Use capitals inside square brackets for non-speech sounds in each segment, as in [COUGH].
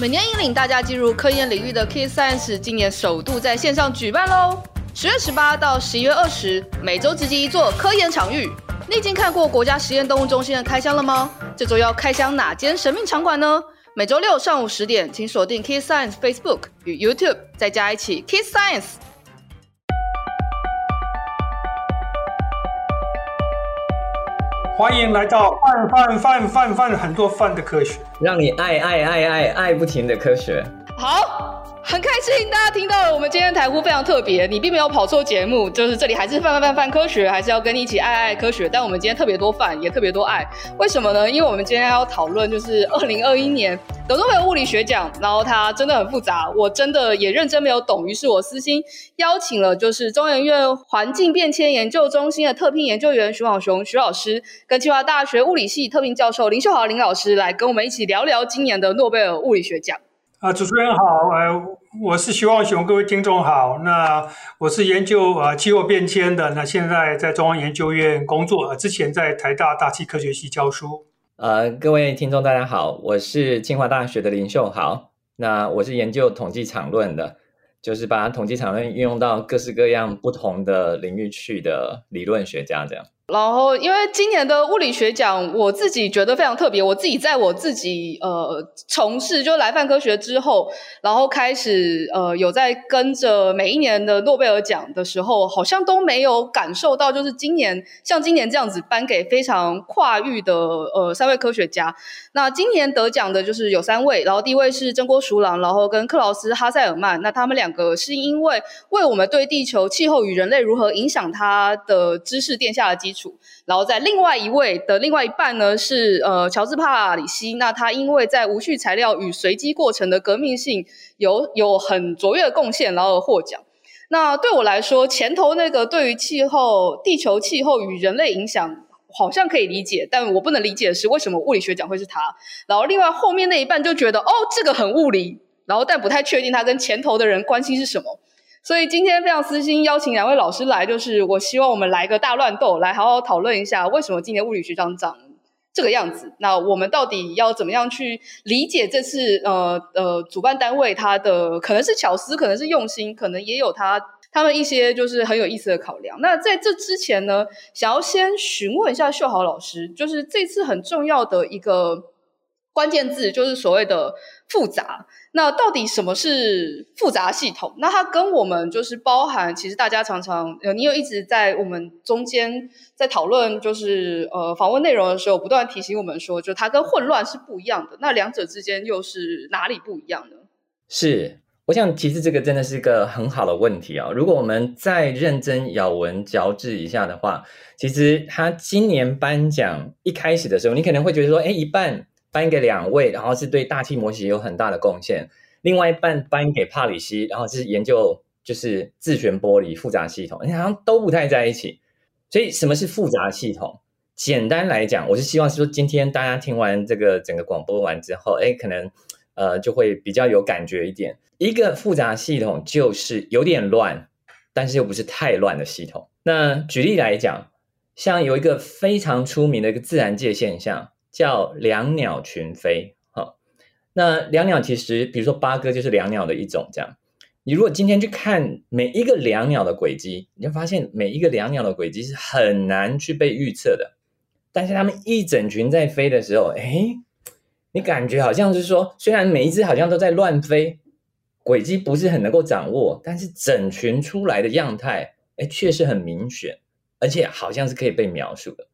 每年引領大家進入科研領域的 Kiss Science 今年首度在線上舉辦嘍！十月十八到十一月二十，每週直擊一座科研場域。你已經看過國家實驗動物中心的開箱了嗎？這週要開箱哪間神秘場館呢？每週六上午十點，請鎖定 Kiss Science Facebook 與 YouTube，在家一起 Kiss Science。歡迎來到泛泛泛泛泛很多泛的科學，讓你愛愛愛愛愛不停的科學。好，很開心大家聽到了，我們今天的台呼非常特別，你並沒有跑錯節目，就是這裡還是泛泛泛泛科學，還是要跟你一起愛愛科學。但我們今天特別多泛，也特別多愛，為什麼呢？因為我們今天要討論就是二零二一年的諾貝爾物理學獎，然後它真的很複雜，我真的也認真沒有懂，於是我私心邀請了就是中研院環境變遷研究中心的特聘研究員許晃雄許老師，跟清華大學物理系特聘教授林秀豪林老師來跟我們一起聊聊今年的諾貝爾物理學獎。啊、呃，主持人好，呃，我是許晃雄，各位聽眾好。那我是研究啊、呃、氣候變遷的，那現在在中央研究院工作，呃，之前在台大大氣科學系教書。呃，各位聽眾大家好，我是清華大學的林秀豪。那我是研究統計場論的，就是把統計場論運用到各式各樣不同的領域去的理論學家這樣。這樣然後，因為今年的物理學獎，我自己覺得非常特別。我自己在我自己呃從事就來泛科學之後，然後開始呃有在跟着每一年的諾貝爾獎的時候，好像都沒有感受到，就是今年像今年這樣子頒給非常跨域的呃三位科學家。那今年得獎的就是有三位，然後第一位是真鍋淑郎，然後跟克勞斯哈塞爾曼，那他們兩個是因為為我們對地球氣候與人類如何影響它的知識奠下的基礎。然後在另外一位的另外一半呢，是呃喬治帕里西。那他因為在無序材料與隨機過程的革命性有有很卓越的貢獻，然後獲獎。那對我來說，前頭那個對於氣候、地球氣候與人類影響好像可以理解，但我不能理解的是為什麼物理學獎會是他。然後另外後面那一半就覺得哦，這個很物理，然後但不太確定他跟前頭的人關係是什麼。所以今天非常私心邀請兩位老師來，就是我希望我們來個大亂鬥，來好好討論一下為什麼今年物理學獎長這個樣子。那我們到底要怎麼樣去理解這次？呃呃，主辦單位他的可能是巧思，可能是用心，可能也有他他們一些就是很有意思的考量。那在這之前呢，想要先詢問一下秀豪老師，就是這次很重要的一個。關鍵字就是所謂的複雜。那到底什麼是複雜系統？那它跟我們就是包含，其實大家常常，呃，你有一直在我們中間在討論，就是呃，訪問內容的時候，不斷提醒我們說，就它跟混亂是不一樣的。那兩者之間又是哪裡不一樣呢？是，我想其實這個真的是一個很好的問題啊。如果我們再認真咬文嚼字一下的話，其實他今年頒獎一開始的時候，你可能會覺得說，哎，一半。頒給兩位，然後是對大氣模型有很大的貢獻；另外一半頒給帕里西，然後是研究就是自旋玻璃複雜系統。你好像都不太在一起。所以什麼是複雜系統？簡單來講，我是希望是說今天大家聽完這個整個廣播完之後，哎，可能呃就會比較有感覺一點。一個複雜系統就是有點亂，但是又不是太亂的系統。那舉例來講，像有一個非常出名的一個自然界現象。叫椋鳥群飛，好，那椋鳥其實，比如說八哥就是椋鳥的一種，這樣。你如果今天去看每一個椋鳥的軌跡，你就發現每一個椋鳥的軌跡是很難去被預測的。但是他們一整群在飛的時候，哎，你感覺好像是說，雖然每一只好像都在亂飛，軌迹不是很能夠掌握，但是整群出來的樣態，哎，確實很明顯，而且好像是可以被描述的。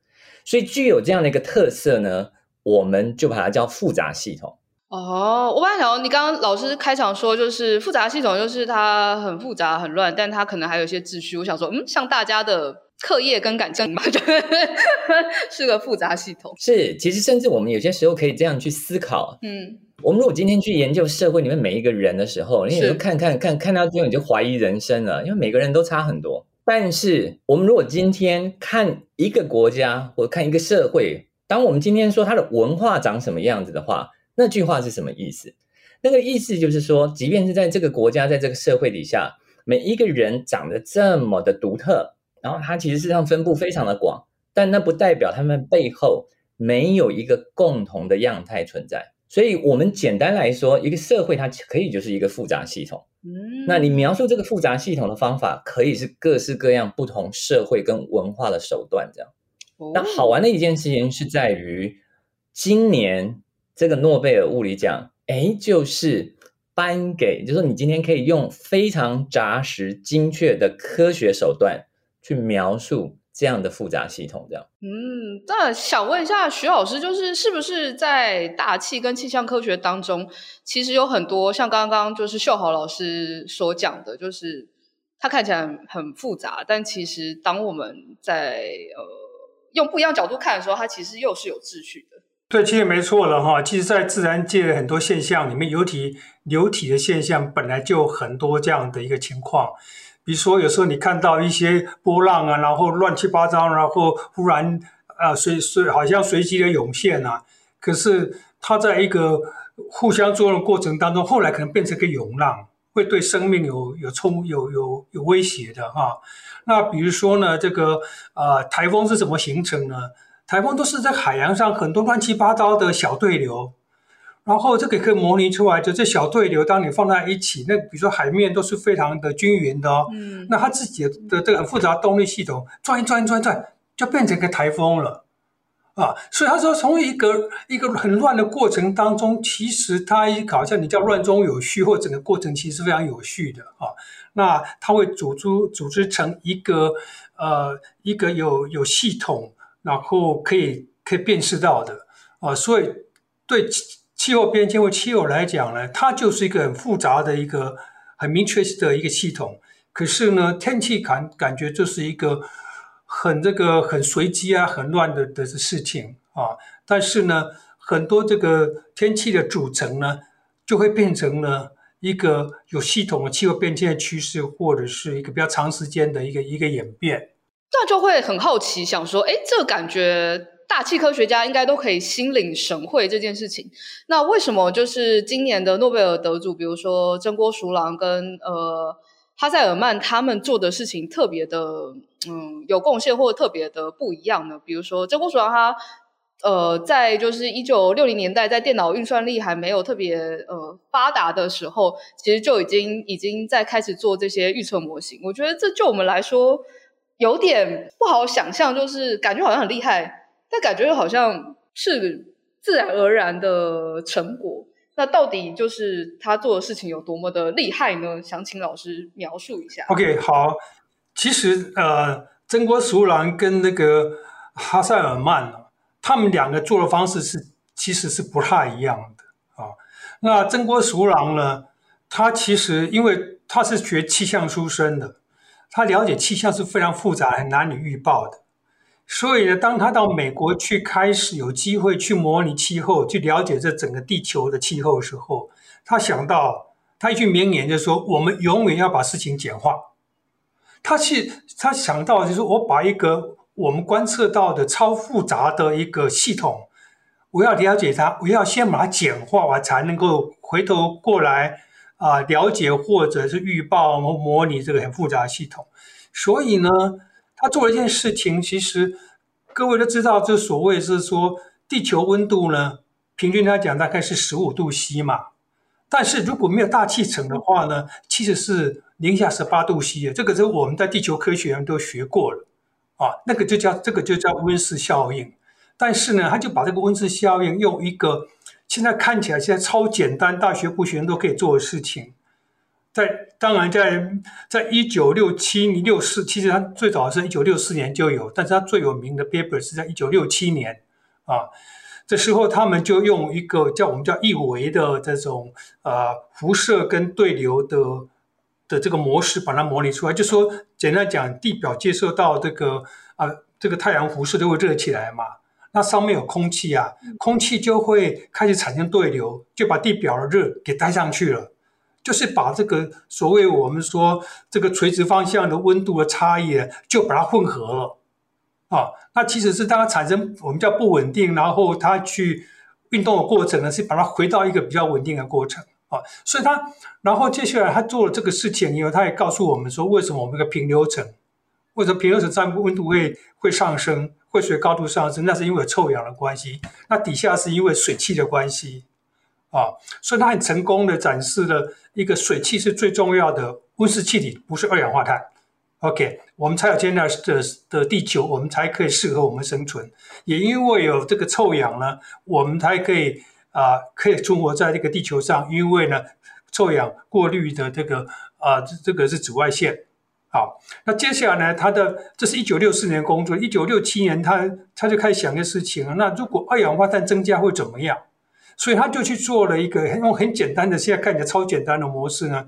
所以具有這樣的一個特色呢，我們就把它叫複雜系統。哦，我本來想說，你剛剛老師開場說，就是複雜系統，就是它很複雜很亂，但它可能還有一些秩序。我想說，嗯，像大家的課業跟感情吧，就 [LAUGHS] 是是個複雜系統。是，其實甚至我們有些時候可以這樣去思考，嗯，我們如果今天去研究社會裡面每一個人的時候，是你也就看看看看到最後你就懷疑人生了，因為每個人都差很多。但是，我們如果今天看一個國家或看一個社會，當我們今天說它的文化長什麼樣子的話，那句話是什麼意思？那個意思就是說，即便是在這個國家，在這個社會底下，每一個人長得這麼的獨特，然後它其實事實上分布非常的廣，但那不代表他們背後沒有一個共同的樣態存在。所以，我們簡單來說，一個社會它可以就是一個複雜系統。嗯，那你描述這個複雜系統的方法，可以是各式各樣、不同社會跟文化的手段這樣。那好玩的一件事情是在於，今年這個諾貝爾物理獎，誒，就是頒給，就是說你今天可以用非常紮實、精確的科學手段去描述。這樣的複雜系統，這樣。嗯，那想問一下徐老師，就是是不是在大氣跟氣象科學當中，其實有很多像剛剛就是秀豪老師所講的，就是它看起來很，很複雜，但其實當我們在呃用不一樣角度看的時候，它其實又是有秩序的。對，其實沒錯了哈。其實，在自然界很多現象裡面尤其，流體流體的現象本來就很多這樣的一個情況。比如說，有時候你看到一些波浪啊，然後亂七八糟，然後忽然啊隨隨好像隨機的湧現啊，可是它在一個互相作用過程當中，後來可能變成個湧浪，會對生命有有衝有有有威脅的哈、啊。那比如說呢，這個啊、呃、台風是怎麼形成呢？台風都是在海洋上很多亂七八糟的小對流。然後這個可以模擬出來，就是、這小對流，當你放在一起，那比如說海面都是非常的均勻的哦。嗯。那它自己的這個很複雜動力系統轉一轉一轉一轉，就變成個颱風了，啊！所以他說，從一個一個很亂的過程當中，其實它一個好像你叫亂中有序，或者整個過程其實是非常有序的啊。那它會組織組織成一個呃一個有有系統，然後可以可以辨識到的啊，所以對。氣候變遷，為氣候來講呢，它就是一個很複雜的一個很明確的一個系統。可是呢，天氣感感覺就是一個很這個很隨機啊、很亂的的事情啊。但是呢，很多這個天氣的組成呢，就會變成了一個有系統的氣候變遷趨勢，或者是一個比較長時間的一個一個演變。那就會很好奇，想說，誒、欸，這個感覺。大氣科學家應該都可以心領神會這件事情。那為什麼就是今年的諾貝爾得主，比如說真鍋淑郎跟呃哈塞爾曼他們做的事情特別的嗯有貢獻，或特別的不一樣呢？比如說真鍋淑郎他呃在就是一九六零年代，在電腦運算力還沒有特別呃發達的時候，其實就已經已經在開始做這些預測模型。我覺得這就我們來說有點不好想象，就是感覺好像很厲害。但感覺又好像是自然而然的成果。那到底就是他做的事情有多麼的厲害呢？想請老師描述一下。OK，好。其實呃，真鍋淑郎跟那個哈塞爾曼，他們兩個做的方式是其實是不太一樣的啊、哦。那真鍋淑郎呢，他其實因為他是學氣象出身的，他了解氣象是非常複雜、很難以預報的。所以呢，當他到美國去，開始有機會去模擬氣候，去了解這整個地球的氣候的時候，他想到他一句名言，就說：“我們永遠要把事情簡化。”他是他想到就是，我把一個我們觀測到的超複雜的一個系統，我要了解它，我要先把它簡化，我才能夠回頭過來啊，了解或者是預報模模擬這個很複雜的系統。所以呢。他做了一件事情，其實各位都知道，就所謂是說，地球溫度呢，平均來講大概是十五度 C 嘛。但是如果沒有大氣層的話呢，其實是零下十八度 C。這個是我們在地球科學上都學過了啊，那個就叫這個就叫溫室效應。但是呢，他就把這個溫室效應用一個現在看起來現在超簡單，大學部學生都可以做的事情。在當然在，在在一九六七六四，其實它最早是一九六四年就有，但是它最有名的 paper 是在一九六七年啊。這時候他們就用一個叫我們叫一維的這種呃輻射跟對流的的這個模式把它模擬出來。就說簡單講，地表接受到這個啊這個太陽輻射就會熱起來嘛，那上面有空氣啊，空氣就會開始產生對流，就把地表的熱給帶上去了。就是把這個所謂我們說這個垂直方向的溫度的差異，就把它混合了，啊，那其實是當它產生我們叫不穩定，然後它去運動的過程呢，是把它回到一個比較穩定的過程啊，所以它，然後接下來它做了這個事情，以後，它也告訴我們說，為什麼我們個平流層，為什麼平流層在溫度會會上升，會隨高度上升，那是因為有臭氧的關係，那底下是因為水汽的關係。啊、哦，所以他很成功的展示了，一個水汽是最重要的溫室氣體，不是二氧化碳。OK，我們才有今天的的地球，我們才可以適合我們生存。也因為有這個臭氧呢，我們才可以啊、呃，可以存活在這個地球上，因為呢，臭氧過濾的這個啊，這、呃、這個是紫外線。好，那接下來呢，他的這是一九六四年工作，一九六七年他他就開始想一個事情了，那如果二氧化碳增加會怎麼樣？所以他就去做了一個，用很、很簡單的，現在看起來超簡單的模式呢，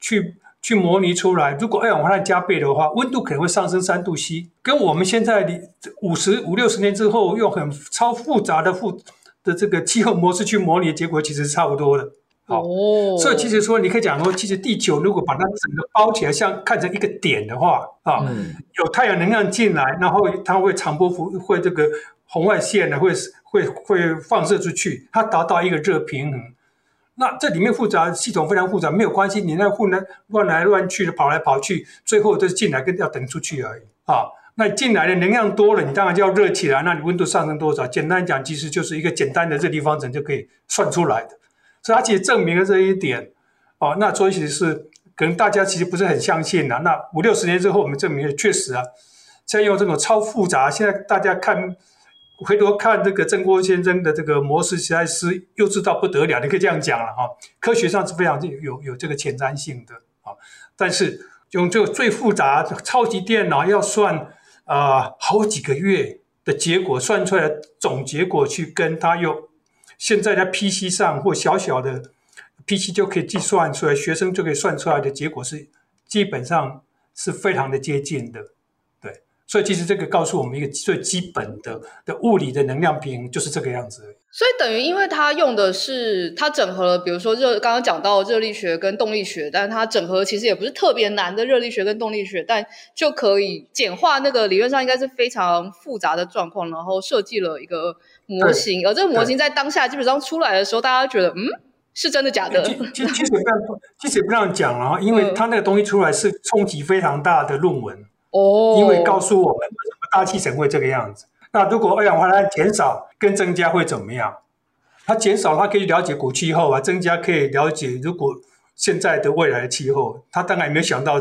去去模擬出來。如果二氧化碳加倍的話，溫度可能會上升三度 C，跟我們現在的五十五六十年之後用很超複雜的複的這個氣候模式去模擬的結果其實差不多的。哦。哦，所以其實說你可以講說，其實地球如果把它整個包起來像、像看成一個點的話啊，哦，嗯，有太陽能量進來，然後它會長波輻會這個。紅外線呢會會會放射出去，它達到一個熱平衡。那這裡面複雜系統非常複雜，沒有關係，你那混亂,亂來亂去的跑來跑去，最後都是進來跟要等出去而已啊。那你進來的能量多了，你當然就要熱起來。那你溫度上升多少？簡單講，其實就是一個簡單的熱力方程就可以算出來的。所以它其實證明了這一點哦，啊。那所以其實是可能大家其實不是很相信啊。那五六十年之後，我們證明了確實啊，現在用這種超複雜，現在大家看。回頭看這個真鍋先生的這個模式實在是幼稚到不得了，你可以這樣講了、啊、哈。科學上是非常有有這個前瞻性的啊，但是用這個最複雜的超級電腦要算啊、呃、好幾個月的結果算出來的總結果去跟他用現在在 PC 上或小小的 PC 就可以計算出來，學生就可以算出來的結果是基本上是非常的接近的。所以其實這個告訴我們一個最基本的的物理的能量平衡就是這個樣子。所以等於，因為它用的是它整合了，比如說熱剛剛講到熱力學跟動力學，但是它整合其實也不是特別難的熱力學跟動力學，但就可以簡化那個理論上應該是非常複雜的狀況，然後設計了一個模型。而這個模型在當下基本上出來的時候，大家覺得嗯，是真的假的？其實其實不讓 [LAUGHS] 其實也不讓講啊，因為它那個東西出來是衝擊非常大的論文。哦、oh，因為告訴我們為什麼大氣層會這個樣子。那如果二氧化碳減少跟增加會怎麼樣？它減少它可以了解古氣候啊，增加可以了解如果現在的未來的氣候。他當然也沒有想到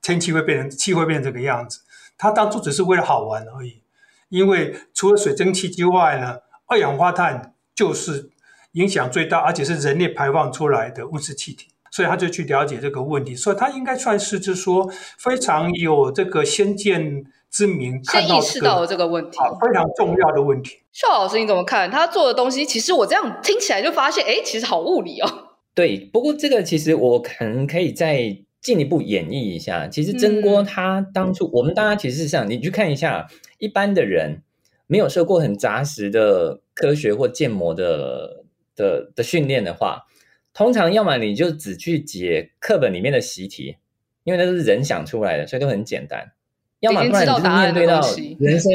天氣會變成氣候會變成這個樣子。他當初只是為了好玩而已。因為除了水蒸氣之外呢，二氧化碳就是影響最大，而且是人類排放出來的溫室氣體。所以他就去了解這個問題，所以他應該算是就是說非常有這個先見之明看、這個，先意識到這個問題、啊，非常重要的問題。秀老師你怎麼看他做的東西？其實我這樣聽起來就發現，哎，其實好物理哦。對，不過這個其實我可能可以再進一步演繹一下。其實真鍋他當初、嗯，我們大家其實是這樣，你去看一下，一般的人沒有受過很扎實的科學或建模的的的訓練的話。通常要麼你就只去解課本裡面的習題，因為那都是人想出來的，所以都很簡單。要麼不然你就面對到人生，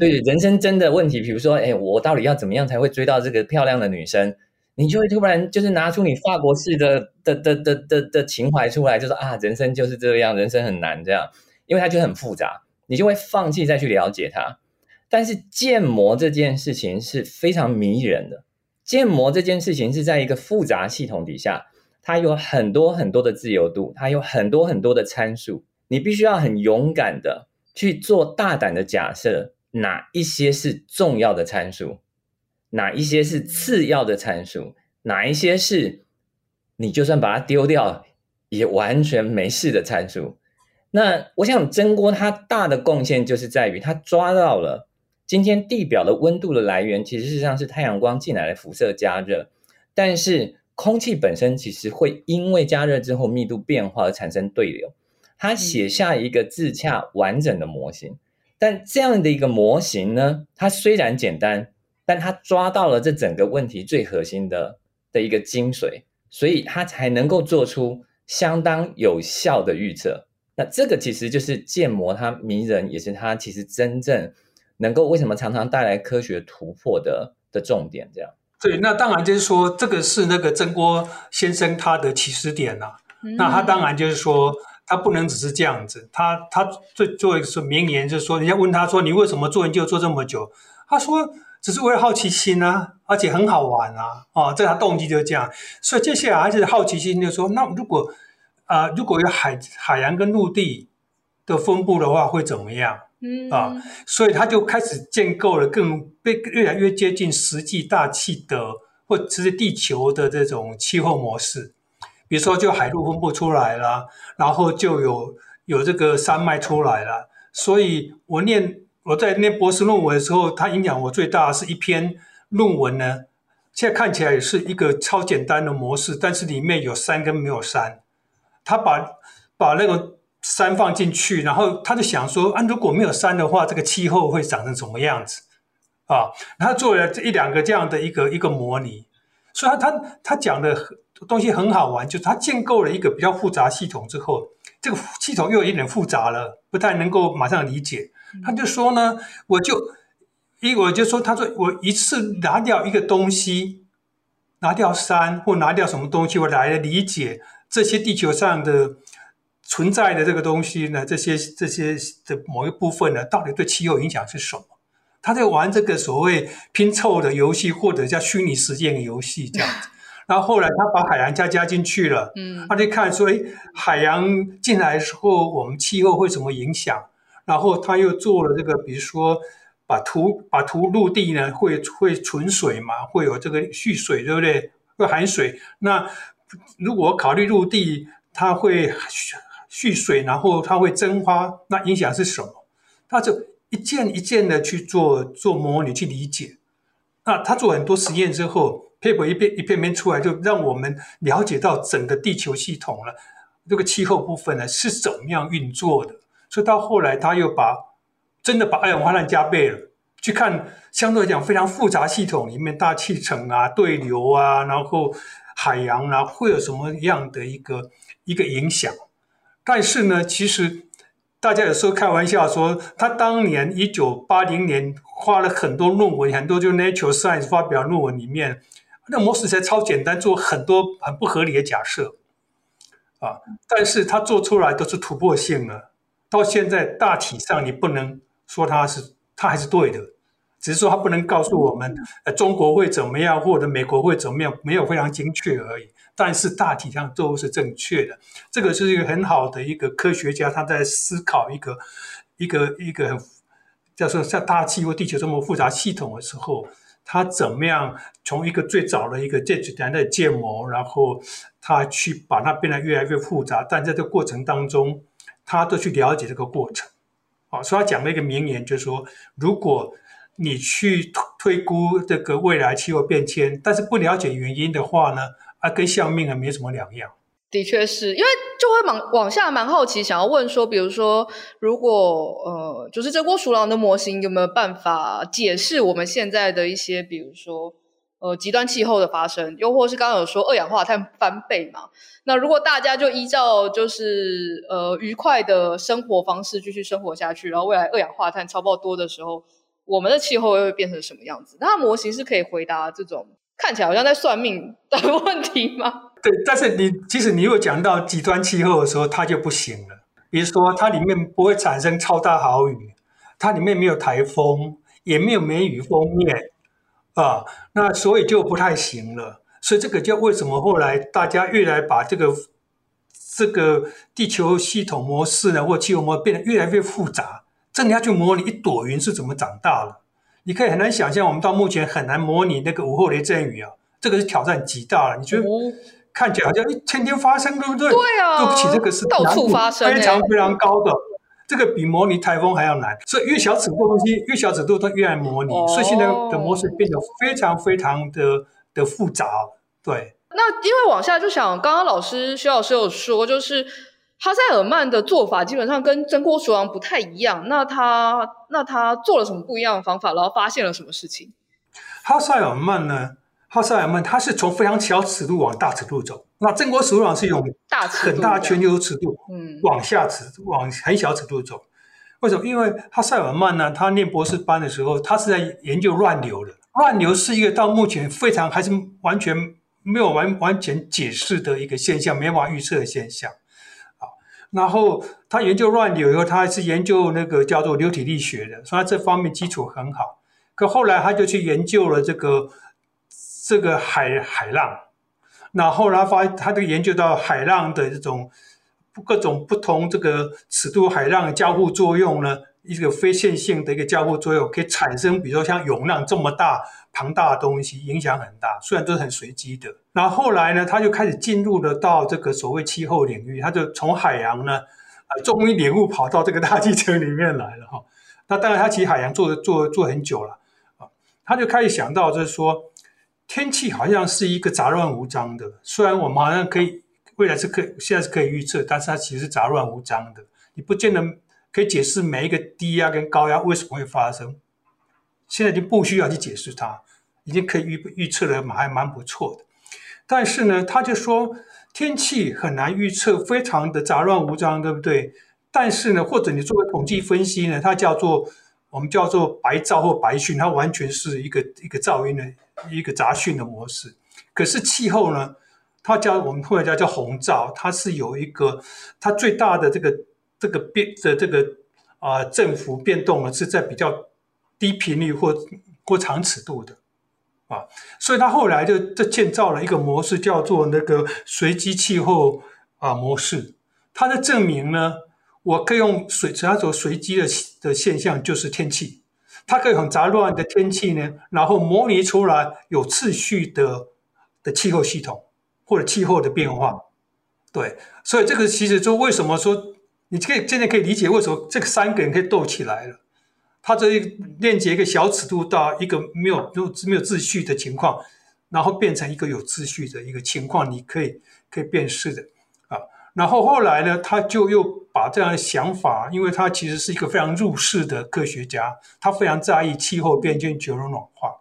對，人生真的問題，比如說，哎、欸，我到底要怎麼樣才會追到這個漂亮的女生？你就會突然就是拿出你法國式的的的的的的情懷出來，就說啊，人生就是這樣，人生很難這樣，因為它就很複雜，你就會放棄再去了解它。但是建模這件事情是非常迷人的。建模這件事情是在一個複雜系統底下，它有很多很多的自由度，它有很多很多的參數，你必須要很勇敢的去做大膽的假設，哪一些是重要的參數，哪一些是次要的參數，哪一些是你就算把它丟掉也完全沒事的參數。那我想，真鍋他大的貢獻就是在於他抓到了。今天地表的溫度的來源，其實實際上是太陽光進來的輻射加熱，但是空氣本身其實會因為加熱之後密度變化而產生對流。他寫下一個自洽完整的模型，但這樣的一個模型呢，它雖然簡單，但它抓到了這整個問題最核心的的一個精髓，所以它才能夠做出相當有效的預測。那這個其實就是建模它迷人，也是它其實真正。能夠為什麼常常帶來科學突破的的重點這樣。對，那當然就是說，這個是那個真鍋先生他的起始點啊、嗯。那他當然就是說，他不能只是這樣子。他他最做一個是名言，就是說，人家問他說：“你為什麼做研究做這麼久？”他說：“只是為了好奇心啊，而且很好玩啊。”哦，這他動機就這樣。所以接下來，而且好奇心就是說：“那如果啊、呃，如果有海海洋跟陸地的分布的話，會怎麼樣？”嗯啊，所以他就開始建構了更被越來越接近實際大氣的，或其實地球的這種氣候模式，比如說就海陸分布出來了，然後就有有這個山脈出來了。所以我念我在念博士論文的時候，它影響我最大的是一篇論文呢。現在看起來也是一個超簡單的模式，但是裡面有山跟沒有山，他把把那個。山放進去，然後他就想說，啊，如果沒有山的話，這個氣候會長成什麼樣子？啊，他做了這一兩個這樣的一個一個模擬，所以他他他講的很東西很好玩，就是他建構了一個比較複雜系統之後，這個系統又有一點複雜了，不太能夠馬上理解。他就說呢，我就一我就說，他說我一次拿掉一個東西，拿掉山或拿掉什麼東西，我來理解這些地球上的。存在的這個東西呢，這些這些的某一部分呢，到底對氣候影響是什麼？他在玩這個所謂拼湊的遊戲，或者叫虛擬實驗的遊戲這樣子。然後後來他把海洋加加進去了，嗯，他就看說，哎，海洋進來的時候，我們氣候會什麼影響？然後他又做了這個，比如說把圖把圖陸地呢會會存水嘛，會有這個蓄水，對不對？會含水。那如果考慮陸地，它會。蓄水，然後它會蒸發，那影響是什麼？他就一件一件的去做做模擬，去理解。那他做很多實驗之後，paper [NOISE] 一片一片片出來，就讓我們了解到整個地球系統了，這個氣候部分呢是怎麼樣運作的。所以到後來，他又把真的把二氧化碳加倍了，去看相對來講非常複雜系統裡面，大氣層啊、對流啊，然後海洋啊，會有什麼樣的一個一個影響。但是呢，其實大家有時候開玩笑說，他當年一九八零年發了很多論文，很多就《Nature Science》發表論文裡面，那模式才超簡單，做很多很不合理的假設，啊，但是他做出來都是突破性的，啊。到現在大體上你不能說他是，他還是對的，只是說他不能告訴我們，呃，中國會怎麼樣，或者美國會怎麼樣，沒有非常精確而已。但是大體上都是正確的。這個是一個很好的一個科學家，他在思考一個一個一個叫做像大氣或地球這麼複雜系統的時候，他怎麼樣從一個最早的一個最簡單的建模，然後他去把它變得越來越複雜。但在這個過程當中，他都去了解這個過程。哦、啊，所以他講了一個名言，就是說，如果你去推估這個未來氣候變遷，但是不了解原因的話呢，它、啊、跟相命啊，沒什麼兩樣，的確是因為就會往往下蠻好奇，想要問說，比如說，如果呃，就是真鍋淑郎的模型有沒有辦法解釋我們現在的一些，比如說呃極端氣候的發生，又或是剛剛有說二氧化碳翻倍嘛？那如果大家就依照就是呃愉快的生活方式繼續生活下去，然後未來二氧化碳超爆多，多的時候，我們的氣候又會變成什麼樣子？那它模型是可以回答這種。看起來好像在算命的問題嗎？對，但是你即使你又講到極端氣候的時候，它就不行了。比如說，它裡面不會產生超大豪雨，它裡面沒有台風，也沒有梅雨鋒面，啊，那所以就不太行了。所以這個就為什麼後來大家越來把這個這個地球系統模式呢，或氣候模式變得越來越複雜？這你要去模擬一朵雲是怎麼長大的？你可以很難想象我們到目前很難模擬那個午後雷陣雨啊，這個是挑戰極大了。你覺得看起來好像一天天發生，對不對？對啊，對不起，這個是難度非常非常高的。欸，這個比模擬台風還要難。所以越小尺度的東西，越小尺度它越難模擬。哦，所以現在的模式變得非常非常的的複雜。對。那因為往下就想，剛剛老師許老師有說，就是。哈塞爾曼的做法基本上跟真鍋淑郎不太一樣。那他那他做了什麼不一樣的方法，然後發現了什麼事情？哈塞爾曼呢？哈塞爾曼他是從非常小尺度往大尺度走。那真鍋淑郎是用大很大全球尺度，嗯，往下尺往很小尺度走。為什麼？因為哈塞爾曼呢，他念博士班的時候，他是在研究亂流的。亂流是一個到目前非常還是完全沒有完完全解釋的一個現象，沒法預測的現象。然後他研究亂流以後，他還是研究那個叫做流體力學的，所以他這方面基礎很好。可後來他就去研究了這個這個海海浪，那後來發他就研究到海浪的這種各種不同這個尺度海浪的交互作用呢，一個非線性的一個交互作用，可以產生，比如說像湧浪這麼大。龐大的東西影響很大，雖然都是很隨機的。那後來呢，他就開始進入了到這個所謂氣候領域，他就從海洋呢，啊，終於領悟跑到這個大氣層裡面來了哈。那當然，他其實海洋做做做很久了啊，他就開始想到就是說，天氣好像是一個雜亂無章的，雖然我們好像可以未來是可以現在是可以預測，但是它其實是雜亂無章的，你不見得可以解釋每一個低壓跟高壓為什麼會發生。現在已經不需要去解釋它，已經可以預預測了嘛，還蠻不錯的。但是呢，他就說天氣很難預測，非常的雜亂無章，對不對？但是呢，或者你做個統計分析呢，它叫做我們叫做白噪或白訊，它完全是一個一個噪音的一個雜訊的模式。可是氣候呢，它叫我們後來叫叫紅噪，它是有一個它最大的這個這個變的這個啊振幅變動呢是在比較。低頻率或過長尺度的。啊，所以他後來就就建造了一個模式，叫做那個隨機氣候啊、呃、模式。他在證明呢，我可以用隨，其他說隨機的的現象就是天氣，它可以很雜亂的天氣呢，然後模擬出來有秩序的的氣候系統或者氣候的變化。對，所以這個其實就為什麼說你可以現在可以理解為什麼這個三個人可以鬥起來了。他這一個連結一個小尺度到一個沒有沒有沒有秩序的情況，然後變成一個有秩序的一個情況，你可以可以辨識的啊。然後後來呢，他就又把這樣的想法，因為他其實是一個非常入世的科學家，他非常在意氣候變遷、全球暖化。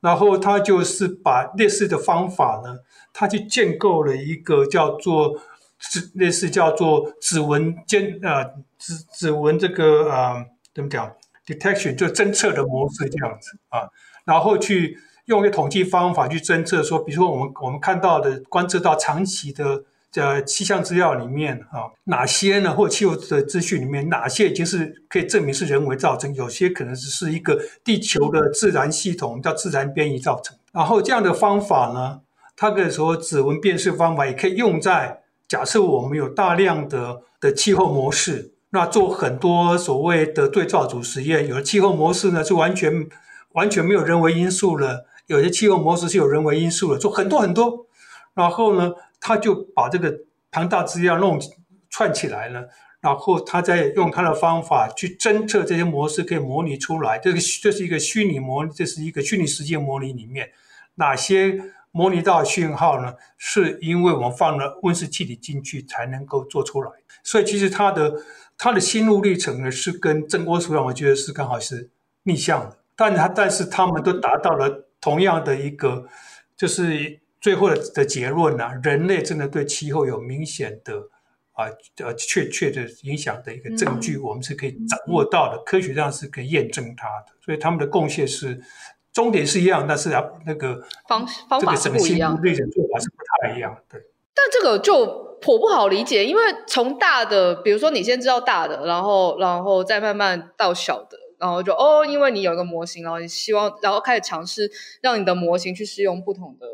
然後他就是把類似的方法呢，他就建構了一個叫做類似叫做指紋鑑，呃指指紋這個呃怎麼講？Detection 就是偵測的模式這樣子啊，然後去用一個統計方法去偵測，說比如說我們我們看到的觀測到長期的這氣象資料裡面啊，哪些呢？或氣候的資訊裡面，哪些已經是可以證明是人為造成？有些可能只是一個地球的自然系統，叫自然變異造成。然後這樣的方法呢，它可以說指紋辨識方法也可以用在假設我們有大量的的氣候模式。那做很多所謂的對照組實驗，有些氣候模式呢是完全完全沒有人為因素了，有些氣候模式是有人為因素的，做很多很多，然後呢，他就把這個龐大資料弄串起,串起來了，然後他再用他的方法去偵測這些模式可以模擬出來，這個這是一個虛擬模擬，這是一個虛擬實驗模擬裡面哪些模擬到的訊號呢？是因為我們放了溫室氣體進去才能夠做出來，所以其實它的。他的心路歷程呢，是跟真鍋所講，我覺得是剛好是逆向的。但他但是他們都達到了同樣的一個，就是最後的結論啊，人類真的對氣候有明顯的啊呃確切的影響的一個證據，我們是可以掌握到的，嗯、科學上是可以驗證它的。所以他們的貢獻是終點是一樣，但是啊那個方方法不一樣，歷程做法是不太一樣。對，但這個就。我不好理解，因為從大的，比如說你先知道大的，然後，然後再慢慢到小的，然後就哦，因為你有一個模型，然後你希望，然後開始嘗試讓你的模型去適用不同的。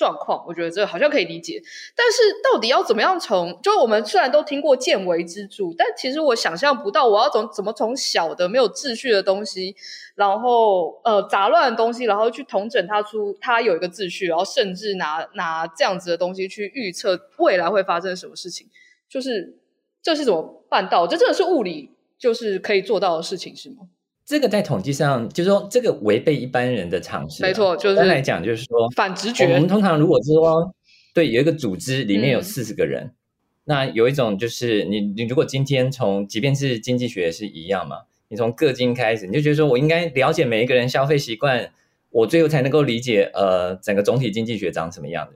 狀況，我覺得這好像可以理解，但是到底要怎麼樣從？就我們雖然都聽過見微知著，但其實我想象不到，我要從怎麼從小的沒有秩序的東西，然後呃雜亂的東西，然後去統整它出它有一個秩序，然後甚至拿拿這樣子的東西去預測未來會發生什麼事情，就是這是怎麼辦到？這真的是物理就是可以做到的事情是嗎？這個在統計上就是說，這個違背一般人的常識。沒錯，就是來講就是說反直覺。我們通常如果說，對，有一個組織裡面有四十個人，嗯，那有一種就是你你如果今天從即便是經濟學是一樣嘛，你從個經開始，你就覺得說我應該了解每一個人消費習慣，我最後才能夠理解呃整個總體經濟學長什麼樣的。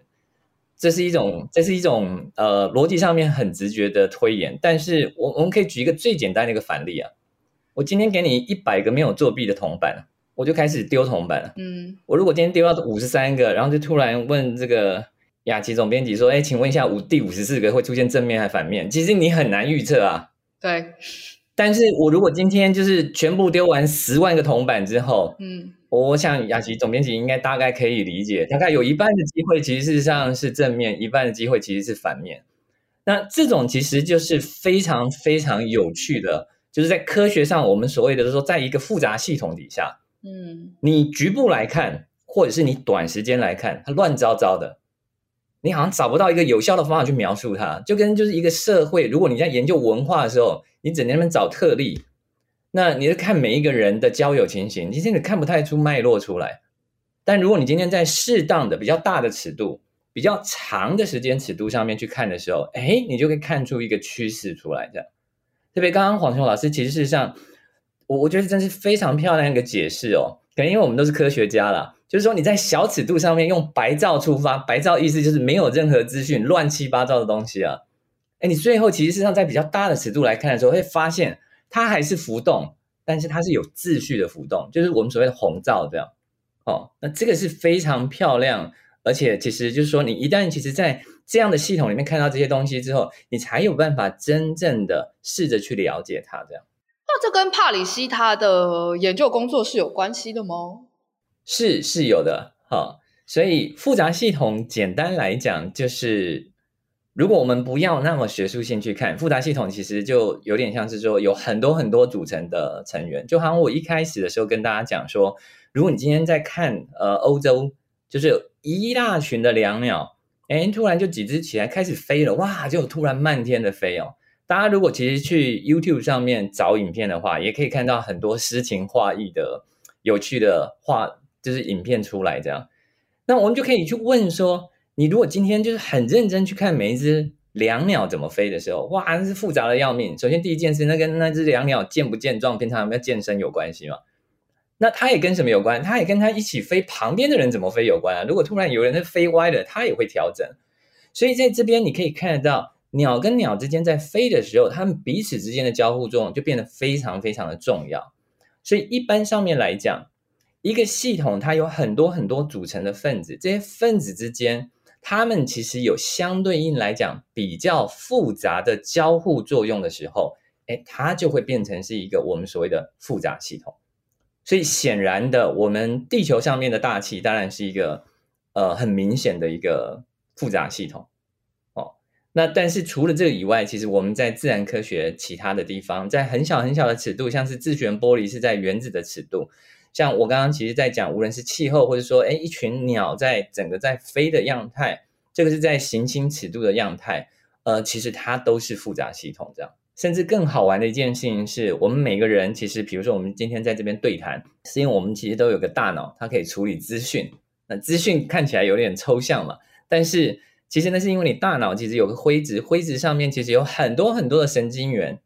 這是一種這是一種呃邏輯上面很直覺的推演，但是我我們可以舉一個最簡單的一個反例啊。我今天給你一百個沒有作弊的銅板，我就開始丟銅板了。嗯，我如果今天丟到五十三個，然後就突然問這個雅琪總編輯說：“哎、欸，請問一下，五第五十四個會出現正面還反面？”其實你很難預測啊。對。但是我如果今天就是全部丟完十萬個銅板之後，嗯，我想雅琪總編輯應該大概可以理解，大概有一半的機會其實事實上是正面，一半的機會其實是反面。那這種其實就是非常非常有趣的。就是在科學上，我們所謂的說，在一個複雜系統底下，嗯，你局部來看，或者是你短時間來看，它亂糟糟的，你好像找不到一個有效的方法去描述它。就跟就是一個社會，如果你在研究文化的時候，你整天在那邊找特例，那你是看每一個人的交友情形，其實你看不太出脈絡出來。但如果你今天在適當的、比較大的尺度、比較長的時間尺度上面去看的時候，誒，你就可以看出一個趨勢出來，這樣。特別剛剛晃雄老師，其實事實上，我我覺得真是非常漂亮一個解釋哦。可能因為我們都是科學家啦，就是說你在小尺度上面用白噪出發，白噪意思就是沒有任何資訊、亂七八糟的東西啊、欸。誒，你最後其實事實上在比較大的尺度來看的時候，會發現它還是浮動，但是它是有秩序的浮動，就是我們所謂的紅噪這樣。哦，那這個是非常漂亮，而且其實就是說你一旦其實，在這樣的系統裡面看到這些東西之後，你才有辦法真正的試着去了解它。這樣，那這跟帕里西他的研究工作是有關係的嗎？是是有的哈、哦。所以複雜系統簡單來講，就是如果我們不要那麼學術性去看複雜系統，其實就有點像是說有很多很多組成的成員，就好像我一開始的時候跟大家講說，如果你今天在看呃歐洲，就是有一大群的椋鳥。哎，突然就幾隻起來開始飛了，哇！就突然漫天的飛哦。大家如果其實去 YouTube 上面找影片的話，也可以看到很多詩情畫意的有趣的畫，就是影片出來這樣。那我們就可以去問說，你如果今天就是很認真去看每一只椋鳥怎麼飛的時候，哇，那是複雜的要命。首先第一件事，那跟那只椋鳥健不健壯，平常有沒有健身有關係嘛。那它也跟什麼有關？它也跟它一起飛旁邊的人怎麼飛有關啊？如果突然有人他飛歪了，它也會調整。所以在這邊你可以看得到，鳥跟鳥之間在飛的時候，它們彼此之間的交互作用就變得非常非常的重要。所以一般上面來講，一個系統它有很多很多組成的分子，這些分子之間它們其實有相對應來講比較複雜的交互作用的時候，哎，它就會變成是一個我們所謂的複雜系統。所以顯然的，我們地球上面的大氣當然是一個呃很明顯的一個複雜系統哦。那但是除了這個以外，其實我們在自然科學其他的地方，在很小很小的尺度，像是自旋玻璃是在原子的尺度，像我剛剛其實在講，無論是氣候或者說哎一群鳥在整個在飛的樣態，這個是在行星尺度的樣態，呃，其實它都是複雜系統這樣。甚至更好玩的一件事情是我們每個人，其實比如說我們今天在這邊對談，是因為我們其實都有個大腦，它可以處理資訊。那資訊看起來有點抽象嘛，但是其實那是因為你大腦其實有個灰質，灰質上面其實有很多很多的神經元，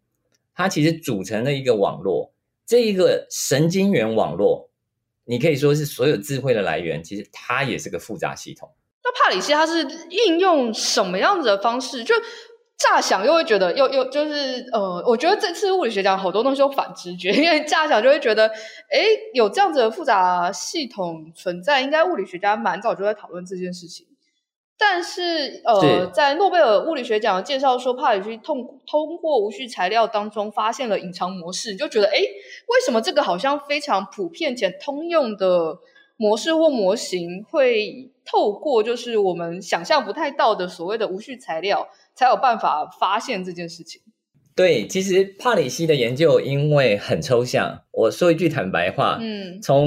它其實組成了一個網絡。這一個神經元網絡，你可以說是所有智慧的來源，其實它也是個複雜系統。那帕里西他是應用什麼樣子的方式？就乍想，又會覺得，又又就是呃，我覺得這次物理學獎好多東西都反直覺，因為乍想就會覺得，哎，有這樣子的複雜系統存在，應該物理學家蠻早就在討論這件事情。但是呃，在諾貝爾物理學獎的介紹說，帕里西通通過無序材料當中發現了隱藏模式，你就覺得，哎，為什麼這個好像非常普遍且通用的模式或模型，會透過就是我們想象不太到的所謂的無序材料？才有辦法發現這件事情。對，其實帕里西的研究因為很抽象，我說一句坦白話，嗯，從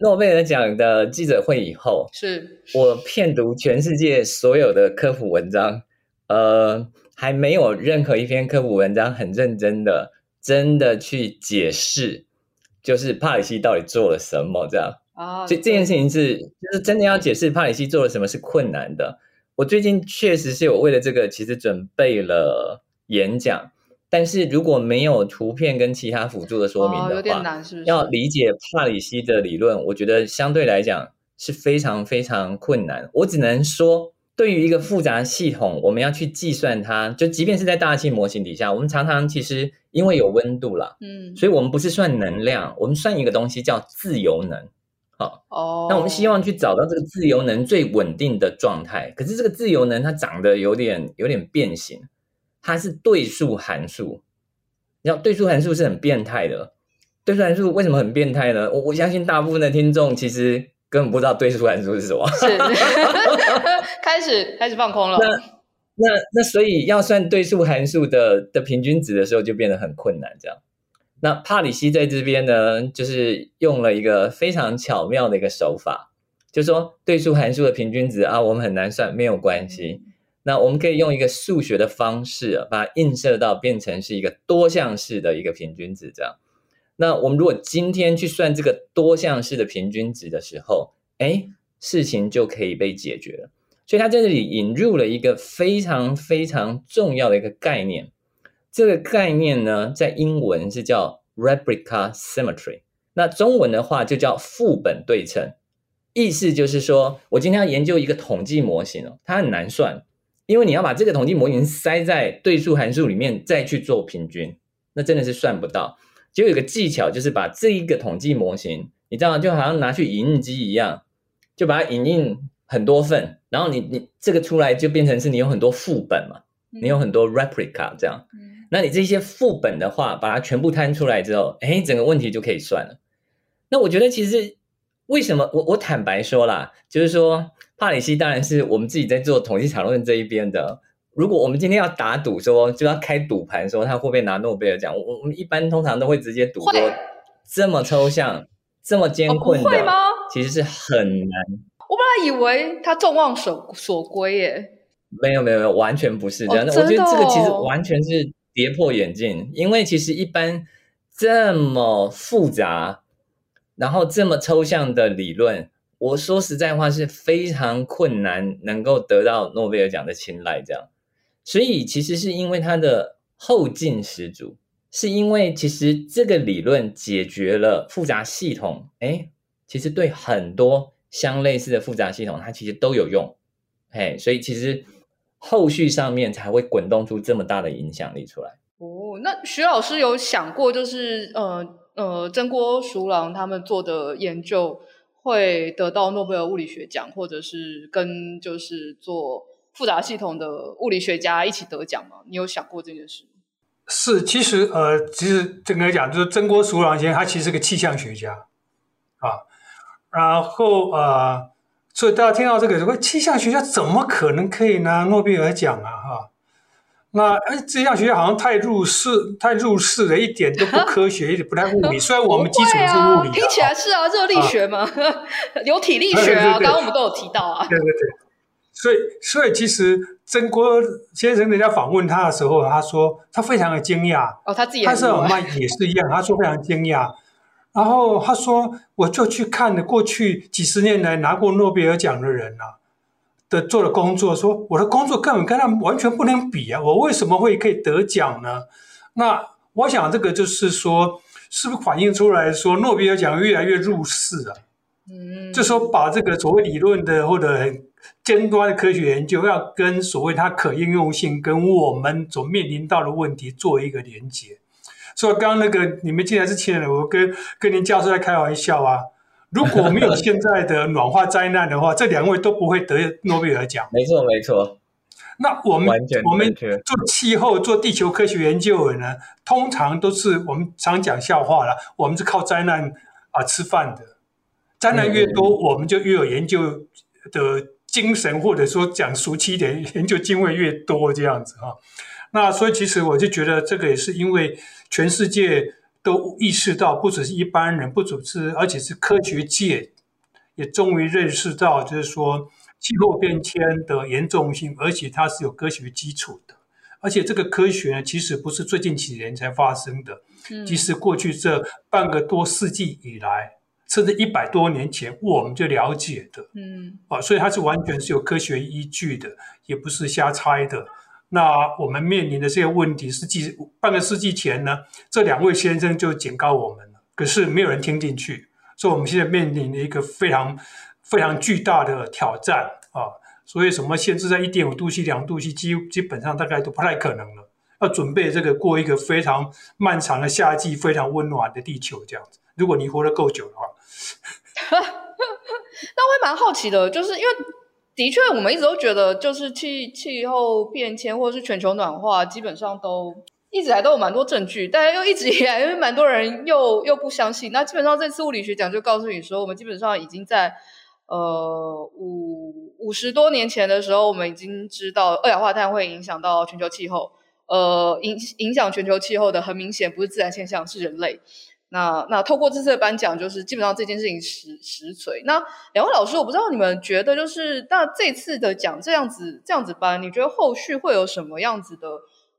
諾貝爾獎的記者會以後，是我遍讀全世界所有的科普文章，呃，還沒有任何一篇科普文章很認真的、真的去解釋，就是帕里西到底做了什麼這樣。啊，所以這件事情是，就是真的要解釋帕里西做了什麼是困難的。我最近確實是有為了這個其實準備了演講，但是如果沒有圖片跟其他輔助的說明的話，哦，有點難是不是？要理解帕里西的理論，我覺得相對來講是非常非常困難。我只能說，對於一個複雜系統，我們要去計算它，就即便是在大氣模型底下，我們常常其實因為有溫度了，嗯，所以我們不是算能量，我們算一個東西叫自由能。好，那我們希望去找到這個自由能最穩定的狀態。哦、可是這個自由能它長得有點有點變形，它是對數函數。你知道對數函數是很變態的，對數函數為什麼很變態呢？我我相信大部分的聽眾其實根本不知道對數函數是什麼。是， [LAUGHS] [LAUGHS] 開始開始放空了。那那那，那所以要算對數函數的的平均值的時候，就變得很困難，這樣。那帕里西在這邊呢，就是用了一個非常巧妙的一個手法，就是說，對數函數的平均值啊，我們很難算，沒有關係。那我們可以用一個數學的方式啊，把它映射到變成是一個多項式的一個平均值這樣。那我們如果今天去算這個多項式的平均值的時候，哎，事情就可以被解決了。所以他在這裡引入了一個非常非常重要的一個概念。這個概念呢，在英文是叫 replica symmetry，那中文的話就叫副本對稱。意思就是說，我今天要研究一個統計模型哦，它很難算，因為你要把這個統計模型塞在對數函數裡面再去做平均，那真的是算不到。就有一個技巧，就是把這一個統計模型，你知道，就好像拿去影印機一樣，就把它影印很多份，然後你你這個出來就變成是你有很多副本嘛，你有很多 replica 這樣。嗯那你這些副本的話，把它全部攤出來之後，哎，整個問題就可以算了。那我覺得其實為什麼我我坦白說啦，就是說，帕里西當然是我們自己在做統計場論這一邊的。如果我們今天要打賭說，就要開賭盤說他會不會拿諾貝爾獎，我我們一般通常都會直接賭說、啊、這麼抽象這麼艱困的、哦會嗎，其實是很難。我本來以為他眾望所所歸耶，沒有沒有沒有，完全不是這樣。哦哦、我覺得這個其實完全是。跌破眼鏡，因為其實一般這麼複雜，然後這麼抽象的理論，我說實在話是非常困難能夠得到諾貝爾獎的青睞，這樣。所以其實是因為它的後勁十足，是因為其實這個理論解決了複雜系統，誒，其實對很多相類似的複雜系統，它其實都有用，哎，所以其實。後續上面才會滾動出這麼大的影響力出來。哦，那徐老師有想過，就是呃呃，真鍋淑郎他們做的研究會得到諾貝爾物理學獎，或者是跟就是做複雜系統的物理學家一起得獎嗎？你有想過這件事？是，其實呃，其實整個來講，就是真鍋淑郎先生，他其實是個氣象學家啊，然後啊。呃所以大家聽到這個說，氣象學家怎麼可能可以拿諾貝爾獎啊？哈、啊，那哎，氣、欸、象學家好像太入世，太入世了，一點都不科學，一點不太物理。雖然我們基礎是物理、啊哦，聽起來是啊，熱力學嘛，有、啊、 [LAUGHS] 流體力學啊，剛、okay, 剛我們都有提到啊。對對對，所以所以其實曾國先生人家訪問他的時候，他說他非常的驚訝。哦，他自己也是。他是我們也是一樣。 [LAUGHS] 他說非常驚訝。然後他說，我就去看了過去幾十年來拿過諾貝爾獎的人吶、啊、的做的工作，說我的工作根本跟他們完全不能比啊！我為什麼會可以得獎呢？那我想這個就是說，是不是反映出來說諾貝爾獎越來越入世啊？嗯，就說把這個所謂理論的或者很尖端的科學研究，要跟所謂它可應用性跟我們所面臨到的問題做一個連接。所以剛剛那個，你們進來之前，我跟跟您教授在開玩笑啊！如果沒有現在的暖化災難的話， [LAUGHS] 這兩位都不會得諾貝爾獎。沒錯，沒錯。那我們我們做氣候、做地球科學研究的呢，通常都是我們常講笑話啦，我們是靠災難啊吃飯的。災難越多、嗯，我們就越有研究的精神，嗯、或者說講俗氣一點，研究經費越多這樣子啊。那所以，其實我就覺得，這個也是因為全世界都意識到，不只是一般人不只是，而且是科學界也終於認識到，就是說氣候變遷的嚴重性，而且它是有科學基礎的。而且這個科學呢，其實不是最近幾年才發生的，其實過去這半個多世紀以來，甚至一百多年前，我們就了解的。嗯，啊，所以它是完全是有科學依據的，也不是瞎猜的。那我們面臨的這些問題，是幾半個世紀前呢？這兩位先生就警告我們了，可是沒有人聽進去，所以我們現在面臨了一個非常非常巨大的挑戰啊！所以什麼限制在一點五度 C、兩度 C，基基本上大概都不太可能了。要準備這個過一個非常漫長的夏季、非常溫暖的地球這樣子。如果你活得夠久的話， [LAUGHS] [LAUGHS] 那我也蠻好奇的，就是因為。的確，我們一直都覺得，就是氣氣候變遷或者是全球暖化，基本上都一直來都有蠻多證據，但又一直以來因為蠻多人又又不相信。那基本上這次物理學獎就告訴你說，我們基本上已經在呃五五十多年前的時候，我們已經知道二氧化碳會影響到全球氣候，呃，影影響全球氣候的很明顯不是自然現象，是人類。那那透過這次的頒獎，就是基本上這件事情實實錘。那兩位老師，我不知道你們覺得，就是那這次的獎這樣子這樣子頒，你覺得後續會有什麼樣子的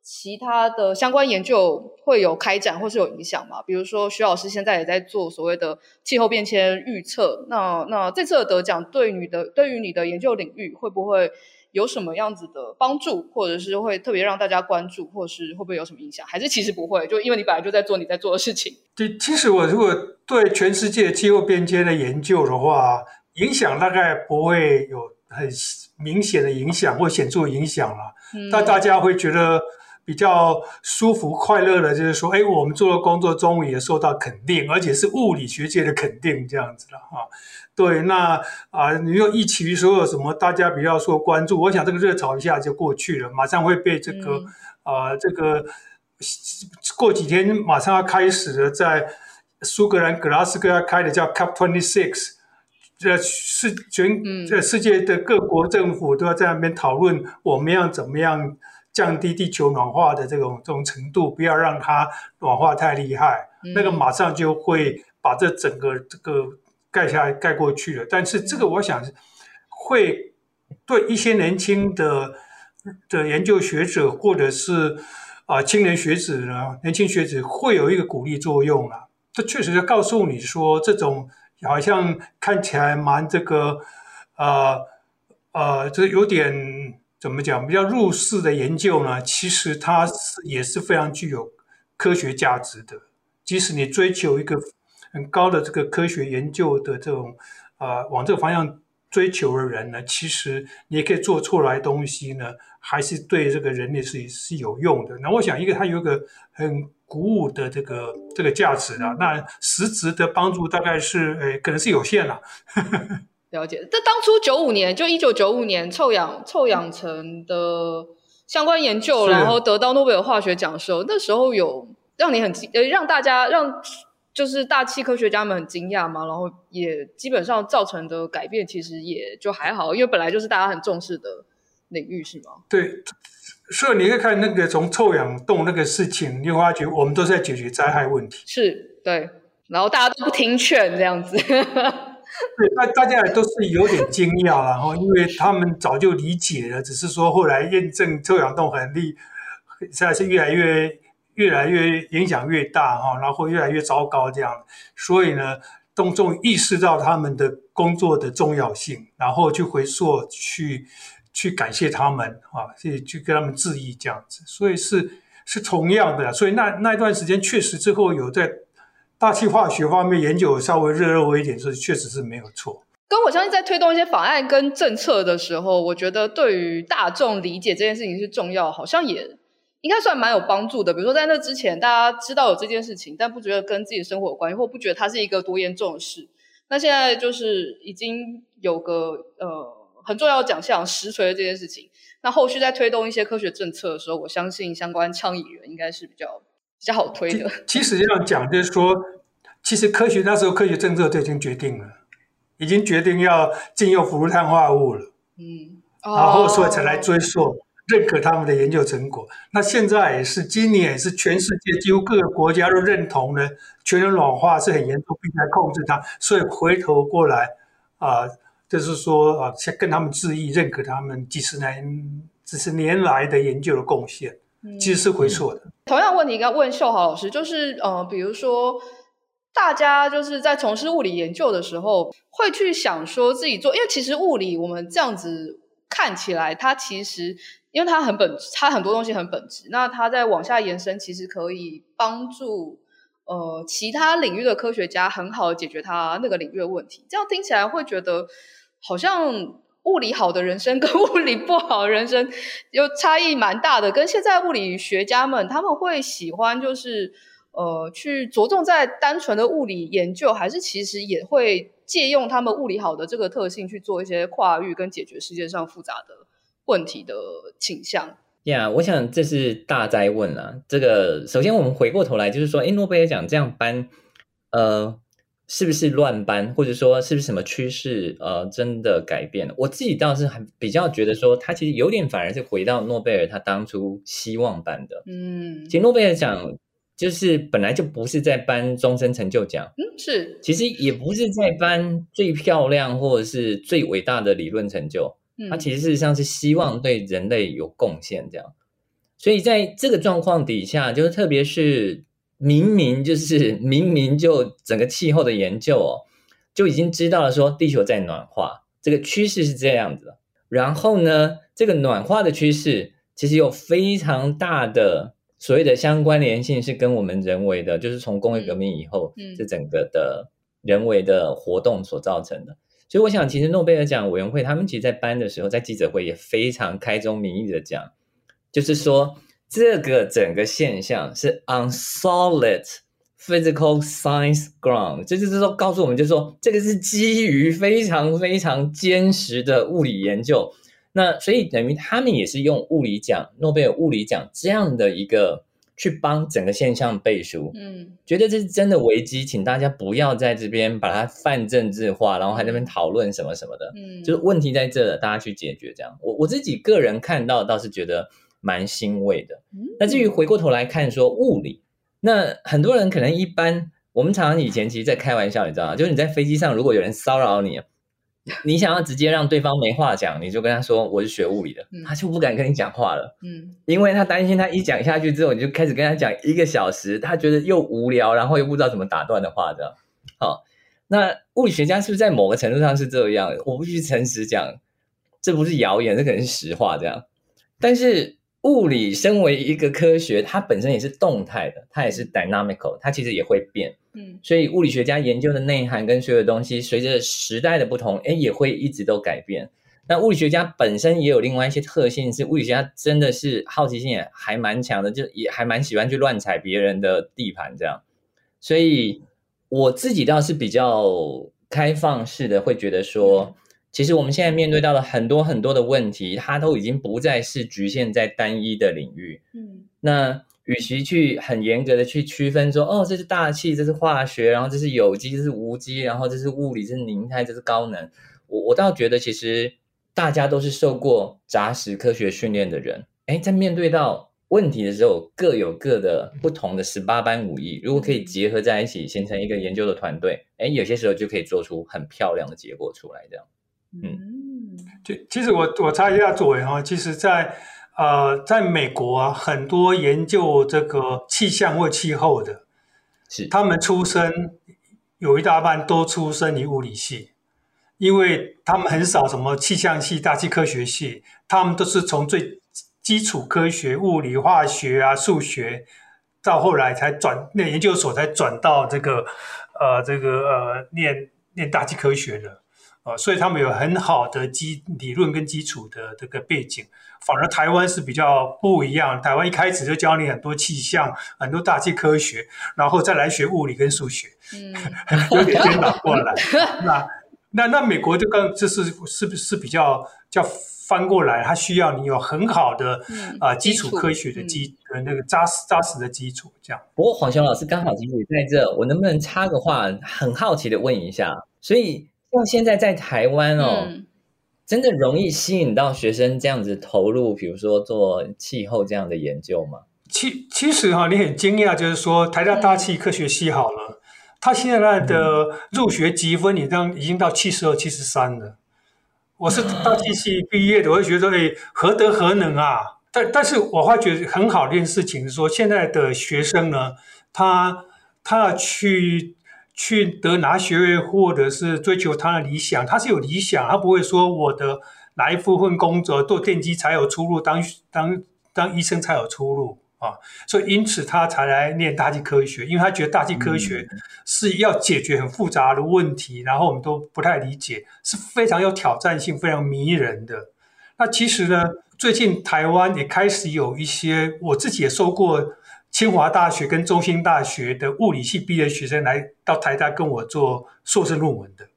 其他的相關研究會有開展或是有影響嗎？比如說許老師現在也在做所謂的氣候變遷預測。那那這次的得獎對你的對於你的研究領域會不會？有什麼樣子的幫助，或者是會特別讓大家關注，或者是會不會有什麼影響？還是其實不會，就因為你本來就在做你在做的事情。對，其實我如果對全世界氣候變遷的研究的話，影響大概不會有很明顯的影響或顯著影響了。嗯，但大家會覺得。比較舒服快樂的，就是說，哎、欸，我們做的工作終於也受到肯定，而且是物理學界的肯定，這樣子了哈。對，那啊、呃，你又起情說有什麼，大家比較說關注，我想這個熱潮一下就過去了，馬上會被這個啊、嗯呃，這個過幾天馬上要開始了，在蘇格蘭格拉斯哥要開的叫 COP26，呃，世，全世界的各國政府都要在那邊討論我們要怎麼樣。降低地球暖化的這種這種程度，不要讓它暖化太厲害，嗯、那個馬上就會把這整個這個蓋下來蓋過去了。但是這個我想會對一些年輕的的研究學者，或者是啊、呃、青年學子呢，年輕學子會有一個鼓勵作用了、啊。這確實是告訴你說，這種好像看起來蠻這個呃呃，這、呃、有點。怎麼講？比較入世的研究呢，其實它是也是非常具有科學價值的。即使你追求一個很高的這個科學研究的這種，呃，往這個方向追求的人呢，其實你也可以做出來東西呢，還是對這個人類是是有用的。那我想，一個它有一個很鼓舞的這個這個價值啊，那實質的幫助大概是，誒，可能是有限了。 [LAUGHS] 了解，但當初九五年，就一九九五年，臭氧臭氧層的相關研究，然後得到諾貝爾化學獎的時候，那時候有讓你很呃讓大家讓就是大氣科學家們很驚訝嘛，然後也基本上造成的改變其實也就還好，因為本來就是大家很重視的領域，是嗎？對，所以你會看那個從臭氧洞那個事情，你會發覺我們都是在解決災害問題，是對，然後大家都不聽勸這樣子。呵呵對，那大家也都是有點驚訝，然後因為他們早就理解了，只是說後來驗證臭氧洞很厲害，現在是越來越越來越影響越大哈，然後越來越糟糕這樣，所以呢，公眾意識到他們的工作的重要性，然後就回溯去去，去感謝他們啊，去去跟他們致意這樣子，所以是是同樣的，所以那那一段時間確實之後有在。大氣化學方面研究稍微熱絡一點，是確實是沒有錯。跟我相信，在推動一些法案跟政策的時候，我覺得對於大眾理解這件事情是重要，好像也應該算蠻有幫助的。比如說，在那之前，大家知道有這件事情，但不覺得跟自己的生活有關係，或不覺得它是一個多嚴重的事。那現在就是已經有個呃很重要的獎項實錘了這件事情。那後續在推動一些科學政策的時候，我相信相關倡議人應該是比較。比較好推了。其實這樣講，就是說，其實科學那時候科學政策就已經決定了，已經決定要禁用氟氯碳化物了。嗯，然後所以才來追溯，嗯、認可他們的研究成果。那現在也是今年也是，是全世界幾乎各個國家都認同呢，全球暖化是很嚴重，並且控制它，所以回頭過來啊、呃，就是說啊，先、呃、跟他們致意，認可他們幾十年、幾十年來的研究的貢獻。其實是回錯的。嗯，同樣問題應該問秀豪老師，就是呃，比如說大家就是在從事物理研究的時候，會去想說自己做，因為其實物理我們這樣子看起來，它其實因為它很本質，它很多東西很本質，那它在往下延伸，其實可以幫助呃其他領域的科學家很好的解決它那個領域的問題。這樣聽起來會覺得好像。物理好的人生跟物理不好的人生有差異蠻大的，跟現在物理學家們他們會喜歡就是呃去着重在單純的物理研究，還是其實也會借用他們物理好的這個特性去做一些跨域跟解決世界上複雜的問題的傾向。呀、yeah，我想這是大哉問啊！這個首先我們回過頭來就是說，哎，諾貝爾獎這樣頒，呃。是不是亂頒，或者說是不是什麼趨勢？呃，真的改變了？我自己倒是還比較覺得說，他其實有點反而是回到諾貝爾他當初希望頒的。嗯，其實諾貝爾獎就是本來就不是在頒終身成就獎，嗯，是，其實也不是在頒最漂亮或者是最偉大的理論成就，嗯，它其實事實上是希望對人類有貢獻這樣。所以在這個狀況底下，就是特別是。明明就是明明就整個氣候的研究哦，就已經知道了說地球在暖化，這個趨勢是這樣子的。然後呢，這個暖化的趨勢其實有非常大的所謂的相關聯性，是跟我們人為的，就是從工業革命以後，這整個的人為的活動所造成的。所以我想，其實諾貝爾獎委員會他們其實，在頒的時候，在記者會也非常開宗明義的講，就是說。這個整個現象是 on solid physical science ground。這就是說告訴我們，就是說這個是基於非常非常堅實的物理研究。那所以等於他們也是用物理獎、諾貝爾物理獎這樣的一個去幫整個現象背書。嗯，覺得這是真的危機，請大家不要在這邊把它泛政治化，然後還在那邊討論什麼什麼的。嗯，就是問題在這兒，大家去解決這樣。我我自己個人看到倒是覺得，蠻欣慰的。那至於回過頭來看說物理，那很多人可能一般我們常常以前其實在開玩笑，你知道就是你在飛機上如果有人騷擾你， [LAUGHS] 你想要直接讓對方沒話講，你就跟他說我是學物理的，他就不敢跟你講話了。嗯，因為他擔心他一講下去之後你就開始跟他講一個小時，他覺得又無聊，然後又不知道怎麼打斷的話的。好，那物理學家是不是在某個程度上是這樣？我必須誠實講，這不是謠言，這可能是實話這樣。但是。物理身為一個科學，它本身也是動態的，它也是 dynamical，它其實也會變。嗯，所以物理學家研究的內涵跟所有的東西，隨着時代的不同，誒，也會一直都改變。那物理學家本身也有另外一些特性，是物理學家真的是好奇心也還蠻強的，就也還蠻喜歡去亂踩別人的地盤這樣。所以我自己倒是比較開放式的，會覺得說。其實我們現在面對到了很多很多的問題，它都已經不再是局限在單一的領域。嗯，那與其去很嚴格的去區分說，哦，這是大氣，這是化學，然後這是有機，這是無機，然後這是物理，這是凝態，這是高能。我我倒覺得，其實大家都是受過紮實科學訓練的人，哎，在面對到問題的時候，各有各的不同的十八般武藝。如果可以結合在一起，形成一個研究的團隊，哎，有些時候就可以做出很漂亮的結果出來，這樣。嗯，就其實我我猜一下作為哈，其實在呃，在美國啊，很多研究這個氣象或氣候的，是他們出身有一大半都出身於物理系，因為他們很少什麼氣象系、大氣科學系，他們都是從最基礎科學、物理、化學啊、數學，到後來才轉那研究所才轉到這個呃這個呃念念大氣科學的。所以他們有很好的基理論跟基礎的這個背景，反而台灣是比較不一樣。台灣一開始就教你很多氣象、很多大氣科學，然後再來學物理跟數學，有點顛倒過來。 [LAUGHS] 那那，那美國就剛這是是不是比較叫翻過來？它需要你有很好的啊基礎啊基礎科學的基、嗯、那個扎實扎實的基礎。這樣，不過晃雄老師剛好今天也在這，我能不能插個話？很好奇的問一下，所以。像現在在台灣哦、嗯，真的容易吸引到學生這樣子投入，比如說做氣候這樣的研究嘛？其其實哈、啊，你很驚訝，就是說台大大氣科學系好了，他、嗯、現在的入學級分，你當已經到七十二、七十三了。我是大氣系畢業的，我會覺得何德何能啊？但但是我會覺得很好的一件事情是說，現在的學生呢，他他要去。去得拿學位，或者是追求他的理想，他是有理想，他不會說我的哪一部分工作做電機才有出路，當當當醫生才有出路啊！所以因此他才來念大氣科學，因為他覺得大氣科學是要解決很複雜的問題、嗯，然後我們都不太理解，是非常有挑戰性、非常迷人的。那其實呢，最近台灣也開始有一些，我自己也說過。清華大學跟中興大學的物理系畢業學生來到台大跟我做碩士論文的，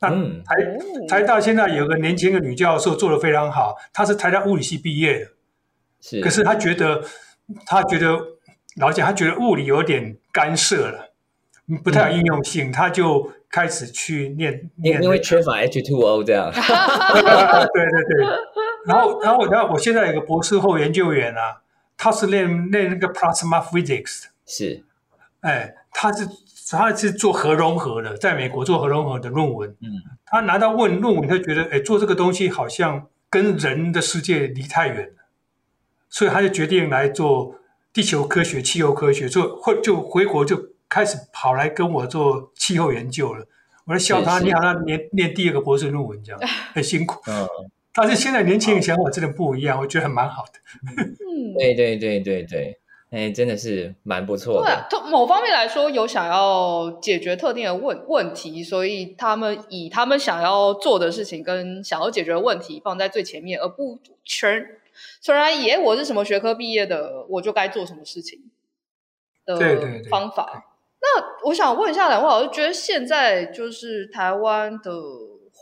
那台、嗯、台大現在有個年輕的女教授做得非常好，她是台大物理系畢業的，可是她覺得她覺得老實講，她覺得物理有點乾涉了，不太有應用性、嗯，她就開始去念，因為，因為缺乏 H two O 這樣， [LAUGHS] [LAUGHS] 對對對，然後然後我我我現在有一個博士後研究員啊。他是練練那個 Plasma Physics，是，哎、他是他是做核融合的，在美國做核融合的論文，嗯，他拿到問論文，他覺得、哎、做這個東西好像跟人的世界離太遠了，所以他就決定來做地球科學、氣候科學，做回就回國就開始跑來跟我做氣候研究了。我就笑他，是是你好像念念第二個博士論文這樣，嗯、很辛苦。 [LAUGHS] 但是現在年輕以前我真的不一樣，oh. 我覺得蠻好的。 [LAUGHS] 嗯，對對對對對，哎，真的是蠻不錯的。對某方面來說，有想要解決特定的問問題，所以他們以他們想要做的事情跟想要解決的問題放在最前面，而不全全然以、欸、我是什麼學科畢業的，我就該做什麼事情的對方法對對對。那我想問一下兩位老師，我覺得現在就是台灣的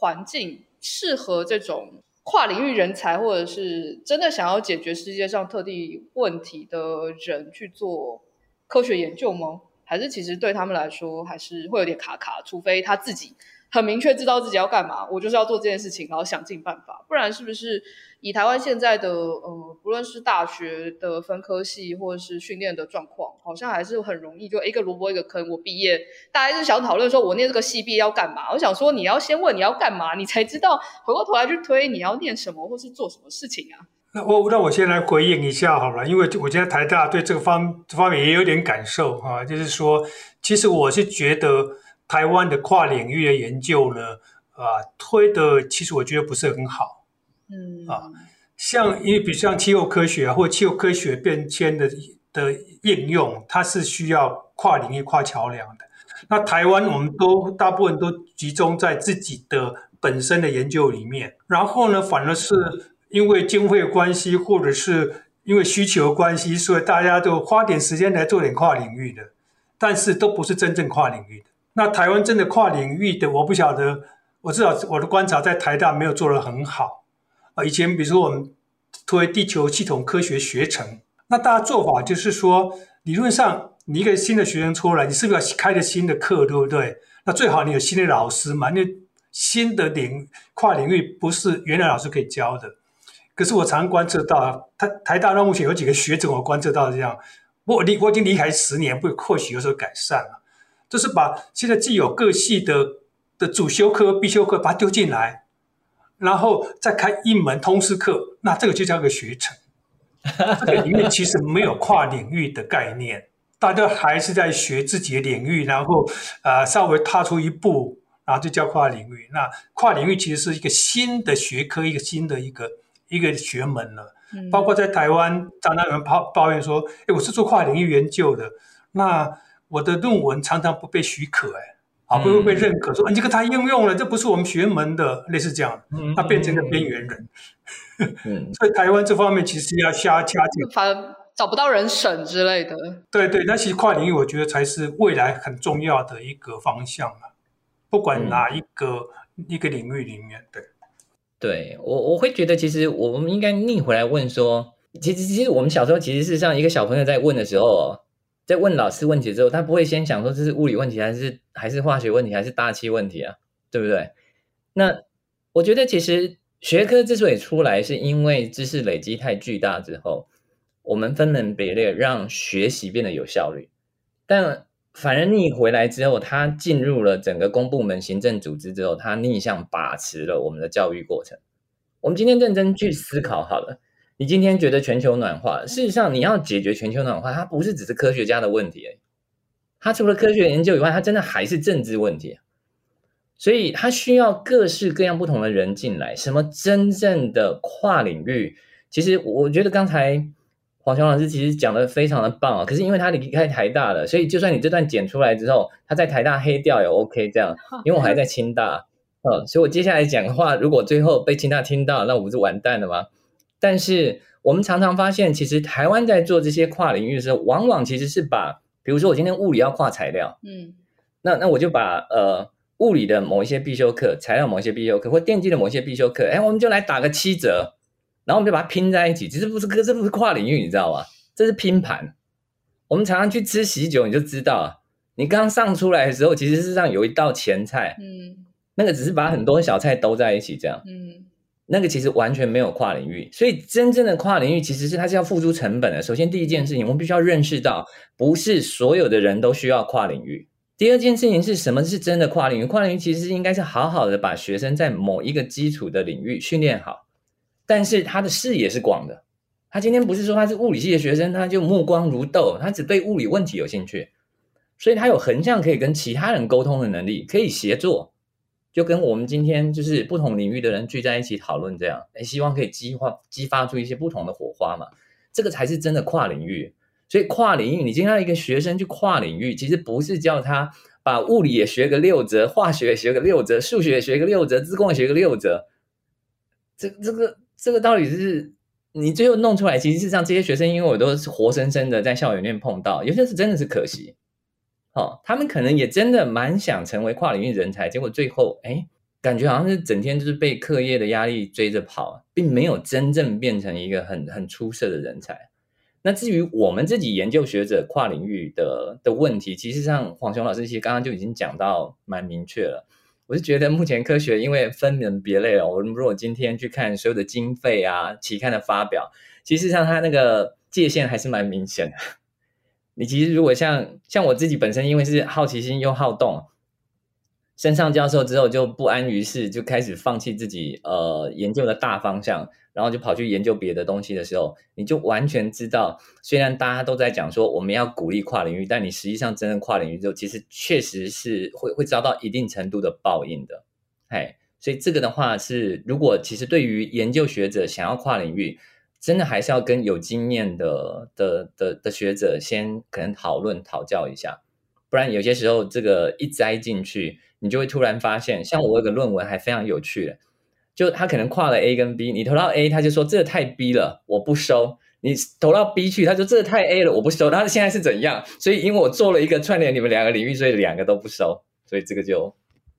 環境適合這種？跨領域人才，或者是真的想要解決世界上特定問題的人去做科學研究嗎？還是其實對他們來說還是會有點卡卡？除非他自己很明確知道自己要幹嘛，我就是要做這件事情，然後想盡辦法，不然是不是？以台灣現在的呃，不論是大學的分科系，或者是訓練的狀況，好像還是很容易就一個蘿蔔一個坑。我畢業，大家就是想討論說，我念這個系畢業要幹嘛？我想說，你要先問你要幹嘛，你才知道回過頭來去推你要念什麼，或是做什麼事情啊。那我那我先來回應一下好了，因為我今天台大對這個方這方面也有點感受哈，啊，就是說，其實我是覺得台灣的跨領域的研究呢，啊，推的其實我覺得不是很好。嗯啊，像因為比如像氣候科學、啊、或氣候科學變遷的的應用，它是需要跨領域、跨橋樑的。那台灣我們都、嗯、大部分都集中在自己的本身的研究裡面，然後呢，反而是因為經費關係或者是因為需求關係，所以大家都花點時間來做點跨領域的，但是都不是真正跨領域的。那台灣真的跨領域的，我不曉得，我至少我的觀察在台大沒有做得很好。以前，比如說我們推地球系統科學學程，那大家做法就是說，理論上你一個新的學生出來，你是不是要開個新的課，對不對？那最好你有新的老師嘛，因為新的領跨領域不是原來老師可以教的。可是我常觀測到，台台大到目前有幾個學者，我觀測到這樣，我離我已經離開十年，不或許有所改善了。就是把現在既有各系的的主修課、必修課把它丟進來。然後再開一門通識課，那這個就叫個學程。這個裡面其實沒有跨領域的概念，大家還是在學自己的領域，然後，呃，稍微踏出一步，然後就叫跨領域。那跨領域其實是一個新的學科，一個新的一個一個學門了。包括在台灣，常常有人抱怨說誒：“我是做跨領域研究的，那我的論文常常不被許可誒。”啊，不會被認可說，說、嗯、你、啊、這個太應用了，這不是我們學門的，類似這樣，嗯、他變成個邊緣人嗯呵呵。嗯，所以台灣這方面其實要加加進，反正找不到人審之類的。對對、對，那其實跨領域我覺得才是未來很重要的一個方向嘛、啊，不管哪一個、嗯、一個領域裡面，對。對我我會覺得，其實我們應該逆回來問說，其實其實我們小時候其實是像一個小朋友在問的時候。在問老師問題之後，他不會先想說，這是物理問題還是還是化學問題還是大氣問題啊，對不對？那我覺得其實學科之所以出來，是因為知識累積太巨大之後，我們分門別類讓學習變得有效率。但反而逆回來之後，他進入了整個公部門行政組織之後，他逆向把持了我們的教育過程。我們今天認真去思考好了。嗯你今天覺得全球暖化，事實上，你要解決全球暖化，它不是只是科學家的問題，欸，它除了科學研究以外，它真的還是政治問題，所以它需要各式各樣不同的人進來。什麼真正的跨領域？其實我覺得剛才晃雄老師其實講的非常的棒啊。可是因為他離開台大了，所以就算你這段剪出來之後，他在台大黑掉也 OK。這樣，因為我還在清大，oh, hey. 嗯，所以我接下來講的話如果最後被清大聽到，那我不是完蛋了嗎？但是我們常常發現，其實台灣在做這些跨領域的時候，往往其實是把，比如說我今天物理要跨材料，嗯，那那我就把呃物理的某一些必修課、材料某一些必修課或電機的某一些必修課，哎、欸，我們就來打個七折，然後我們就把它拼在一起，其實不是，這是不是跨領域，你知道嗎？這是拼盤。我們常常去吃喜酒，你就知道啊，你剛上出來的時候其實是讓有一道前菜，嗯，那個只是把很多小菜兜在一起這樣，嗯。那個其實完全沒有跨領域，所以真正的跨領域其實是它是要付出成本的。首先第一件事情，我們必須要認識到，不是所有的人都需要跨領域。第二件事情是什麼是真的跨領域？跨領域其實應該是好好的把學生在某一個基礎的領域訓練好，但是他的視野是廣的。他今天不是說他是物理系的學生，他就目光如豆，他只對物理問題有興趣，所以他有橫向可以跟其他人溝通的能力，可以協作。就跟我們今天就是不同領域的人聚在一起討論這樣、欸，希望可以激發激發出一些不同的火花嘛。這個才是真的跨領域。所以跨領域，你今天讓一個學生去跨領域，其實不是叫他把物理也學個六折，化學也學個六折，數學也學個六折，資工也學個六折。這這個這個道理、就是，你最後弄出來，其實是讓這些學生，因為我都是活生生的在校園裡面碰到，有些是真的是可惜。他們可能也真的蠻想成為跨領域人才，結果最後哎、欸，感覺好像是整天就是被課業的壓力追着跑，並沒有真正變成一個很很出色的人才。那至於我們自己研究學者跨領域的的問題，其實像晃雄老師其實剛剛就已經講到蠻明確了。我是覺得目前科學因為分門別類哦，我如果今天去看所有的經費啊、期刊的發表，其實事實上它那個界限還是蠻明顯的。你其實如果像像我自己本身，因為是好奇心又好動，升上教授之後就不安於室，就開始放棄自己呃研究的大方向，然後就跑去研究別的東西的時候，你就完全知道，雖然大家都在講說我們要鼓勵跨領域，但你實際上真正跨領域之後，其實確實是會會遭到一定程度的報應的，哎，所以這個的話是，如果其實對於研究學者想要跨領域。真的還是要跟有經驗的的的的，的學者先可能討論討教一下，不然有些時候這個一栽進去，你就會突然發現，像我有個論文還非常有趣的，就他可能跨了 A 跟 B，你投到 A，他就說這個太 B 了，我不收；你投到 B 去他就，他說這個太 A 了，我不收。他現在是怎樣？所以因為我做了一個串聯你們兩個領域，所以兩個都不收，所以這個就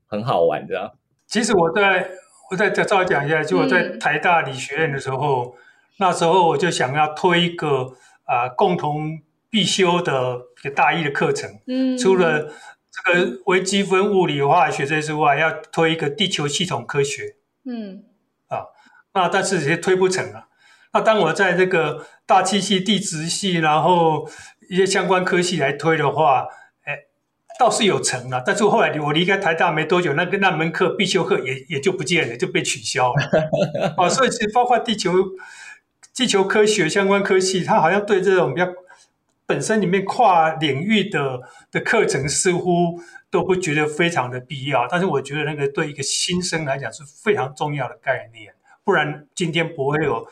很好玩的。其實我在我再再再講一下，就我在台大理學院的時候。嗯那時候我就想要推一個啊、呃，共同必修的一個大一的課程。嗯，除了這個微積分、物理、化學這些之外，嗯，要推一個地球系統科學。嗯，啊，那但是也推不成了。那當我在這個大氣系、地質系，然後一些相關科系來推的話，哎、欸，倒是有成了。但是後來我離開台大沒多久，那個那門課必修課也也就不見了，就被取消了。 [LAUGHS] 啊，所以是包括地球。地球科學相關科系，他好像對這種比較本身裡面跨領域的的課程，似乎都不覺得非常的必要。但是我覺得那個對一個新生來講是非常重要的概念，不然今天不會有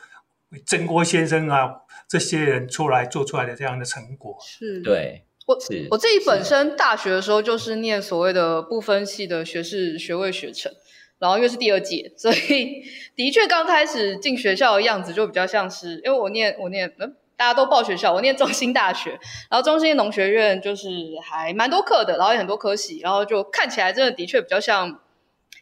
曾國先生啊這些人出來做出來的這樣的成果。是對，我我自己本身大學的時候就是念所謂的不分系的學士學位學程。然後又是第二屆，所以的確剛開始進學校的樣子就比較像是，因為我念我念，嗯，大家都報學校，我念中興大學，然後中興農學院就是還蠻多課的，然後也很多科系，然後就看起來真的的確比較像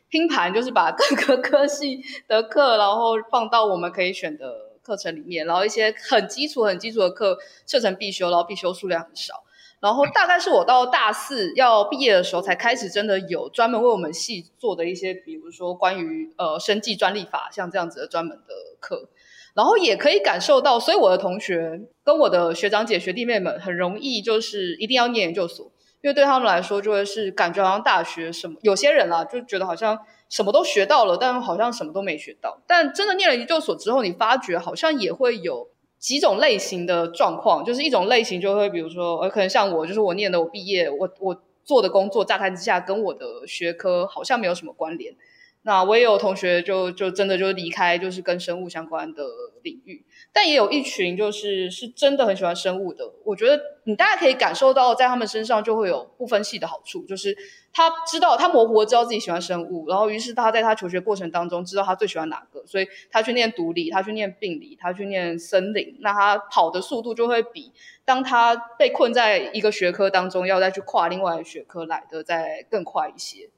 拼盤，就是把各個科系的課然後放到我們可以選的課程裡面，然後一些很基礎很基礎的課設成必修，然後必修數量很少。然後大概是我到大四要畢業的時候，才開始真的有專門為我們系做的一些，比如說關於呃，生技專利法，像這樣子的專門的課。然後也可以感受到，所以我的同學跟我的學長姐、學弟妹們很容易就是一定要念研究所，因為對他們來說就會是感覺好像大學什麼，有些人啊就覺得好像什麼都學到了，但好像什麼都沒學到。但真的念了研究所之後，你發覺好像也會有，幾種類型的狀況，就是一種類型就會，比如說，呃，可能像我，就是我念的，我畢業，我我做的工作，乍看之下跟我的學科好像沒有什麼關聯。那我也有同學就就真的就離開，就是跟生物相關的領域。但也有一群就是是真的很喜歡生物的，我覺得你大家可以感受到，在他們身上就會有不分系的好處，就是他知道他模糊知道自己喜歡生物，然後於是他在他求學過程當中知道他最喜歡哪個，所以他去念獨立，他去念病理，他去念森林，那他跑的速度就會比當他被困在一個學科當中要再去跨另外一個學科來的再更快一些。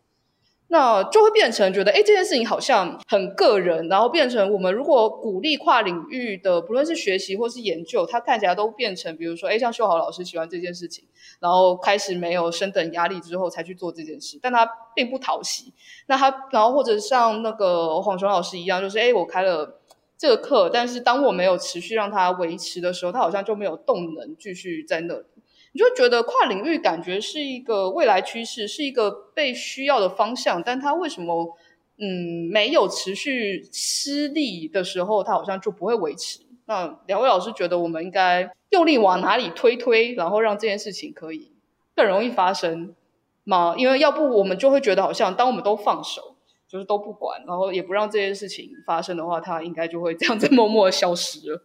那就會變成覺得，哎，這件事情好像很個人，然後變成我們如果鼓勵跨領域的，不論是學習或是研究，它看起來都變成，比如說，哎，像秀豪老師喜歡這件事情，然後開始沒有升等壓力之後才去做這件事，但他並不討喜。那他，然後或者像那個晃雄老師一樣，就是，哎，我開了這個課，但是當我沒有持續讓他維持的時候，他好像就沒有動能繼續在那裡。你就覺得跨領域感覺是一個未來趨勢，是一個被需要的方向，但它為什麼嗯沒有持續施力的時候，它好像就不會維持？那兩位老師覺得我們應該用力往哪裡推推，然後讓這件事情可以更容易發生嗎？因為要不我們就會覺得好像當我們都放手，就是都不管，然後也不讓這件事情發生的話，它應該就會這樣子默默的消失了。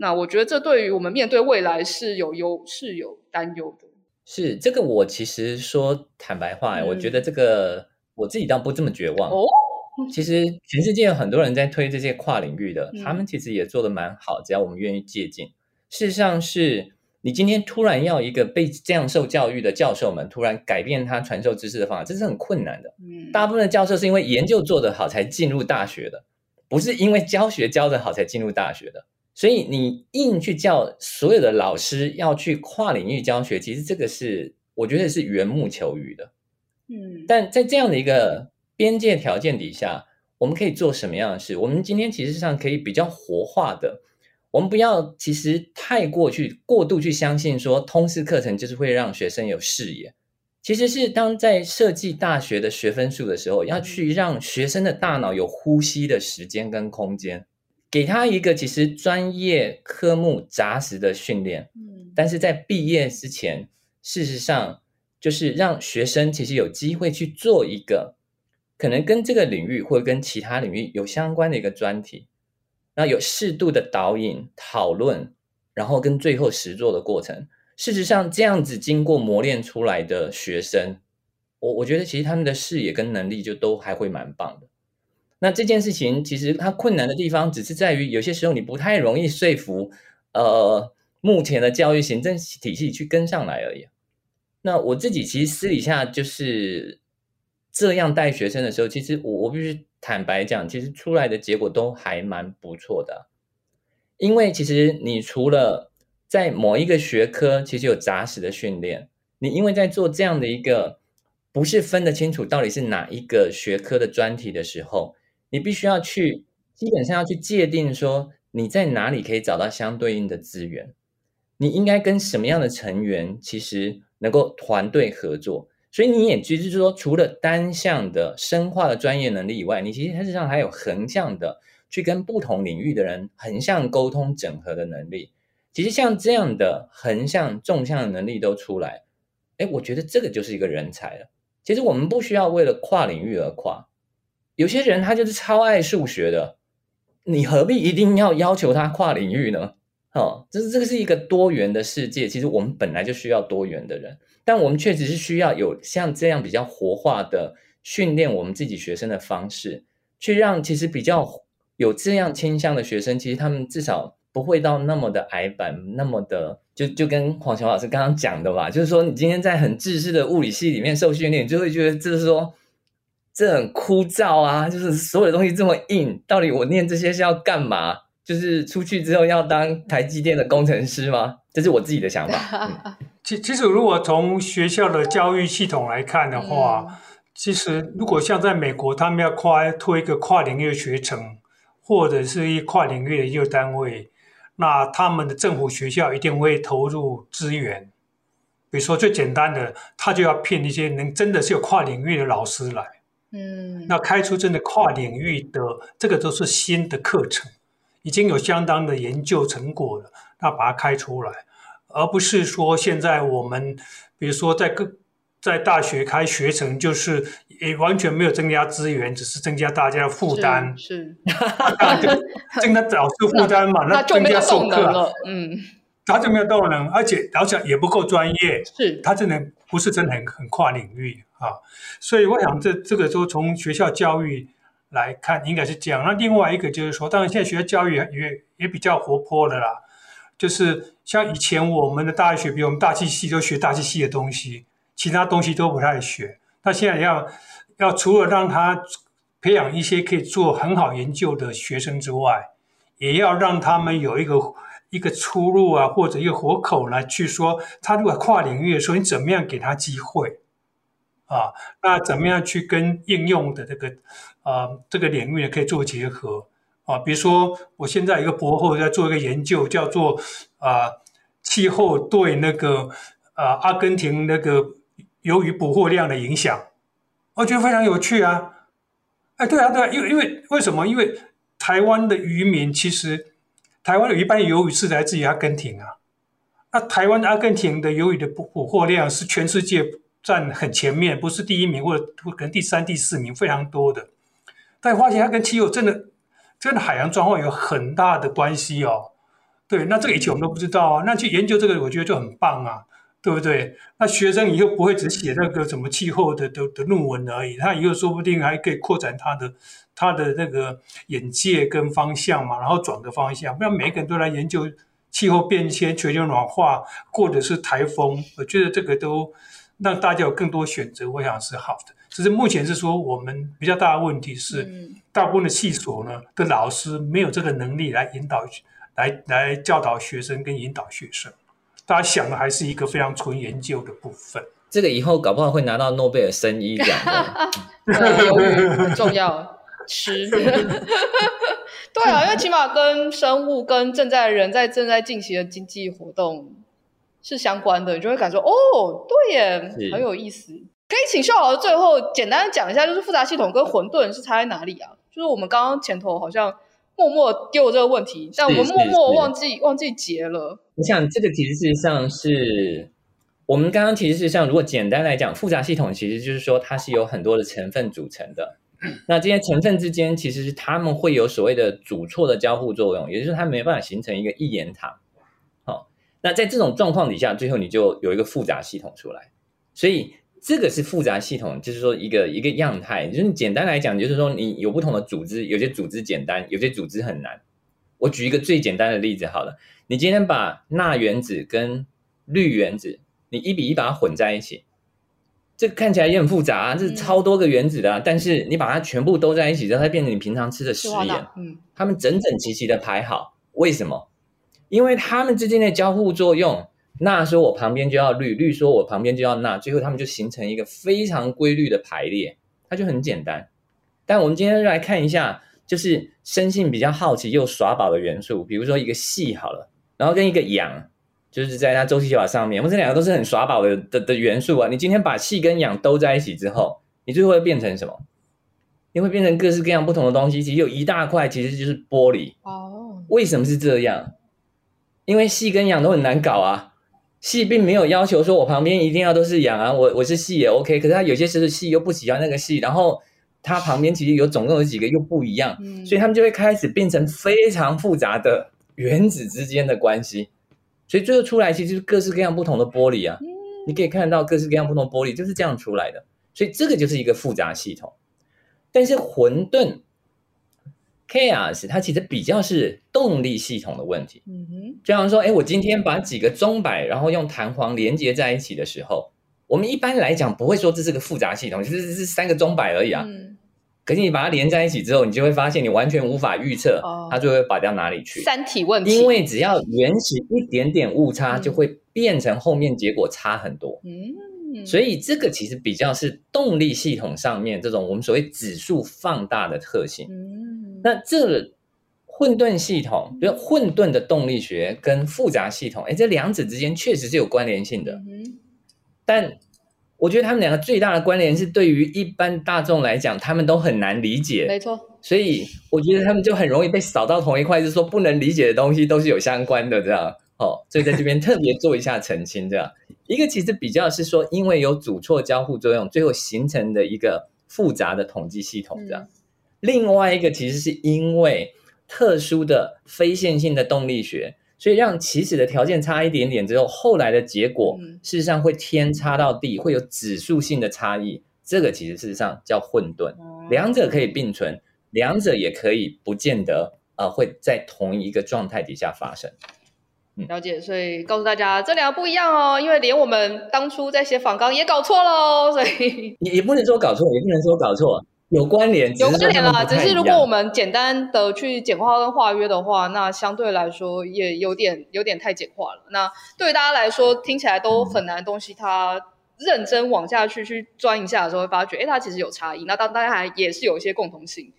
那我覺得這對於我們面對未來是有憂是有擔憂的。是這個，我其實說坦白話，嗯、我覺得這個我自己倒不這麼絕望、哦。其實全世界有很多人在推這些跨領域的，嗯、他們其實也做得蠻好。只要我們願意借鑒，事實上是，你今天突然要一個被這樣受教育的教授們突然改變他傳授知識的方法，這是很困難的、嗯。大部分的教授是因為研究做得好才進入大學的，不是因為教學教得好才進入大學的。所以你硬去叫所有的老師要去跨領域教學，其實這個是我覺得是緣木求魚的，嗯。但在這樣的一個邊界條件底下，我們可以做什麼樣的事？我們今天其實上可以比較活化的，我們不要其實太過去過度去相信說通識課程就是會讓學生有視野，其實是當在設計大學的學分數的時候，要去讓學生的大腦有呼吸的時間跟空間。給他一個其實專業科目扎實的訓練，嗯，但是在畢業之前，事實上就是讓學生其實有機會去做一個可能跟這個領域或者跟其他領域有相關的一個專題，然後有適度的導引、討論，然後跟最後實作的過程。事實上，這樣子經過磨練出來的學生，我我覺得其實他們的視野跟能力就都還會蠻棒的。那這件事情其實它困難的地方，只是在於有些時候你不太容易說服，呃，目前的教育行政體系去跟上來而已。那我自己其實私底下就是這樣帶學生的時候，其實我，我必須坦白講，其實出來的結果都還蠻不錯的。因為其實你除了在某一個學科，其實有扎實的訓練，你因為在做這樣的一個不是分得清楚到底是哪一個學科的專題的時候。你必須要去，基本上要去界定說，你在哪裡可以找到相對應的資源？你應該跟什麼樣的成員其實能夠團隊合作？所以你也就是說，除了單向的深化的專業能力以外，你其實實際上還有橫向的去跟不同領域的人橫向溝通、整合的能力。其實像這樣的橫向、縱向的能力都出來，誒，我覺得這個就是一個人才了。其實我們不需要為了跨領域而跨。有些人他就是超愛數學的，你何必一定要要求他跨領域呢？哦，這是這個是一個多元的世界。其實我們本來就需要多元的人，但我們確實是需要有像這樣比較活化的訓練我們自己學生的方式，去讓其實比較有這樣傾向的學生，其實他們至少不會到那麼的矮板，那麼的就就跟晃雄老師剛剛講的吧，就是說你今天在很自私的物理系裡面受訓練，你就會覺得就是說。這很枯燥啊，就是所有的東西這麼硬，到底我念這些是要幹嘛？就是出去之後要當台積電的工程師嗎？這是我自己的想法。其 [LAUGHS] 其實，如果從學校的教育系統來看的話，嗯、其實如果像在美國，他們要跨推一個跨領域學程，或者是一跨領域的一個單位，那他們的政府學校一定會投入資源。比如說最簡單的，他就要聘一些能真的是有跨領域的老師來。嗯，那開出真的跨領域的這個都是新的課程，已經有相當的研究成果了，那把它開出來，而不是說現在我們比如說在各在大學開學程，就是也完全沒有增加資源，只是增加大家的負擔，是，真的導致負擔嘛？那，那增加授課了，嗯。他就沒有動能，而且老師也不夠專業。是，他真的不是真的很很跨領域啊，所以我想這這個就從學校教育來看應該是這樣。那另外一個就是說，當然現在學校教育也也比較活潑的啦，就是像以前我們的大學，比我們大氣系都學大氣系的東西，其他東西都不太學。那現在要要除了讓他培養一些可以做很好研究的學生之外，也要讓他們有一個。一個出路啊，或者一個活口來去說，他如果跨領域的時候，你怎麼樣給他機會啊？那怎麼樣去跟應用的這個啊、呃、這個領域也可以做結合啊？比如說，我現在一個博後在做一個研究，叫做啊、呃、氣候對那個啊、呃、阿根廷那個魷魚捕獲量的影響，我覺得非常有趣啊！哎，對啊，對啊，因為因為為什麼？因為台灣的漁民其實。台灣有一半的魷魚是來自於阿根廷啊，那台灣阿根廷的魷魚的捕獲量是全世界佔很前面，不是第一名或者或可能第三、第四名，非常多的。但發現它跟氣候真的真的海洋狀況有很大的關係哦。對，那這個以前我們都不知道啊，那去研究這個，我覺得就很棒啊。對不對？那學生以後不會只寫那個什麼氣候的的的論文而已，他以後說不定還可以擴展他的他的那個眼界跟方向嘛，然後轉個方向，不然每一個人都來研究氣候變遷、全球暖化，或者是颱風，我覺得這個都讓大家有更多選擇，我想是好的。只是目前是說我們比較大的問題是，大部分的系所呢的、嗯、老師沒有這個能力來引導、來來教導學生跟引導學生。他想的還是一個非常純研究的部分。這個以後搞不好會拿到諾貝爾生醫獎。很重要吃。對啊，因為起碼跟生物、跟正在人在正在進行的經濟活動是相關的，你就會感覺哦，對耶，很有意思。可以請秀豪最後簡單的講一下，就是複雜系統跟混沌是差在哪裡啊？就是我們剛剛前頭好像。默默丟這個問題，但我們默默忘記是是是忘記結了。你想，這個其實事實上是，我們剛剛其實事實上，如果簡單來講，複雜系統其實就是說它是由很多的成分組成的。那這些成分之間，其實是它們會有所謂的阻挫的交互作用，也就是它沒辦法形成一個一言堂。好、哦，那在這種狀況底下，最後你就有一個複雜系統出來，所以。這個是複雜系統，就是說一個一個樣態，就是簡單來講，就是說你有不同的組織，有些組織簡單，有些組織很難。我舉一個最簡單的例子好了，你今天把鈉原子跟氯原子，你一比一把它混在一起，這看起來也很複雜啊，這是超多個原子的啊，嗯，但是你把它全部兜在一起，讓它變成你平常吃的食鹽，嗯，它們整整齊齊的排好，為什麼？因為它們之間的交互作用。鈉說我旁邊就要氯，氯說我旁邊就要鈉，最後他們就形成一個非常規律的排列，它就很簡單。但我們今天就來看一下，就是生性比較好奇又耍寶的元素，比如說一個矽好了，然後跟一個氧，就是在它週期表上面，我們這兩個都是很耍寶的的的元素啊。你今天把矽跟氧兜在一起之後，你最後會變成什麼？你會變成各式各樣不同的東西。其實有一大塊其實就是玻璃哦。Oh. 為什麼是這樣？因為矽跟氧都很難搞啊。矽並沒有要求說我旁邊一定要都是氧啊，我我是矽也 OK。可是他有些時候矽又不喜歡那個矽，然後他旁邊其實有總共有幾個又不一樣、嗯，所以他們就會開始變成非常複雜的原子之間的關係。所以最後出來其實就是各式各樣不同的玻璃啊，你可以看到各式各樣不同玻璃就是這樣出來的。所以這個就是一個複雜系統，但是混沌。Chaos，它其實比較是動力系統的問題。嗯哼，就像說，哎，我今天把幾個鐘擺，然後用彈簧連接在一起的時候，我們一般來講不會說這是個複雜系統，就是三個鐘擺而已啊。嗯。可是你把它連在一起之後，你就會發現你完全無法預測，哦，它就會擺到哪裡去，哦。三體問題，因為只要原始一點點誤差，嗯，就會變成後面結果差很多嗯。嗯，所以這個其實比較是動力系統上面這種我們所謂指數放大的特性。嗯。那這混沌系統，比如混沌的動力學跟複雜系統，哎、欸，這兩者之間確實是有關聯性的。嗯。但我覺得他們兩個最大的關聯是，對於一般大眾來講，他們都很難理解。沒錯。所以我覺得他們就很容易被掃到同一塊，就是說不能理解的東西都是有相關的這樣哦。所以在這邊特別做一下澄清，這樣 [LAUGHS] 一個其實比較是說，因為有阻挫交互作用，最後形成的一個複雜的統計系統這樣。嗯另外一個其實是因為特殊的非線性的動力學，所以讓起始的條件差一點點之後，後來的結果事實上會天差到地，會有指數性的差異。這個其實事實上叫混沌，兩者可以並存，兩者也可以不見得啊會在同一個狀態底下發生。了解。所以告訴大家，這兩個不一樣哦，因為連我們當初在寫訪綱也搞錯嘍。所以也也不能說搞錯，也不能說搞錯。有關聯，有關聯啦，只是如果我們簡單的去簡化跟化約的話，那相對來說也有點有點太簡化了。那對大家來說聽起來都很難的東西，它認真往下去去鑽一下的時候，會發覺哎、嗯欸，它其實有差異。那當然還也是有一些共同性，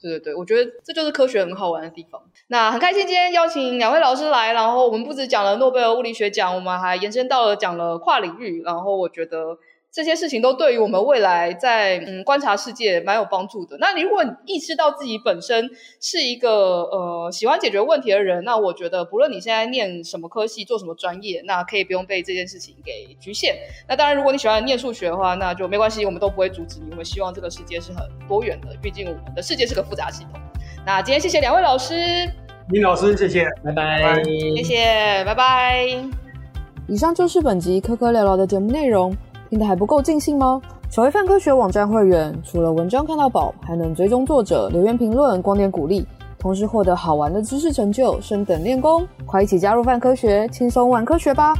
對對對，我覺得這就是科學很好玩的地方。那很開心今天邀請兩位老師來，然後我們不止講了諾貝爾物理學獎，我們還延伸到了講了跨領域。然後我覺得。這些事情都對於我們未來在嗯觀察世界蠻有幫助的。那你如果你意識到自己本身是一個呃喜歡解決問題的人，那我覺得不論你現在念什麼科系，做什麼專業，那可以不用被這件事情給侷限。那當然，如果你喜歡念數學的話，那就沒關係，我們都不會阻止你。我們希望這個世界是很多元的，畢竟我們的世界是個複雜系統。那今天謝謝兩位老師，林老師，謝謝，拜拜，謝謝，拜拜。以上就是本集科科聊聊的節目內容。聽得還不夠盡興嗎？成為泛科學網站會員，除了文章看到飽，還能追蹤作者、留言評論、光點鼓勵，同時獲得好玩的知識成就，升等練功。快一起加入泛科學，輕鬆玩科學吧！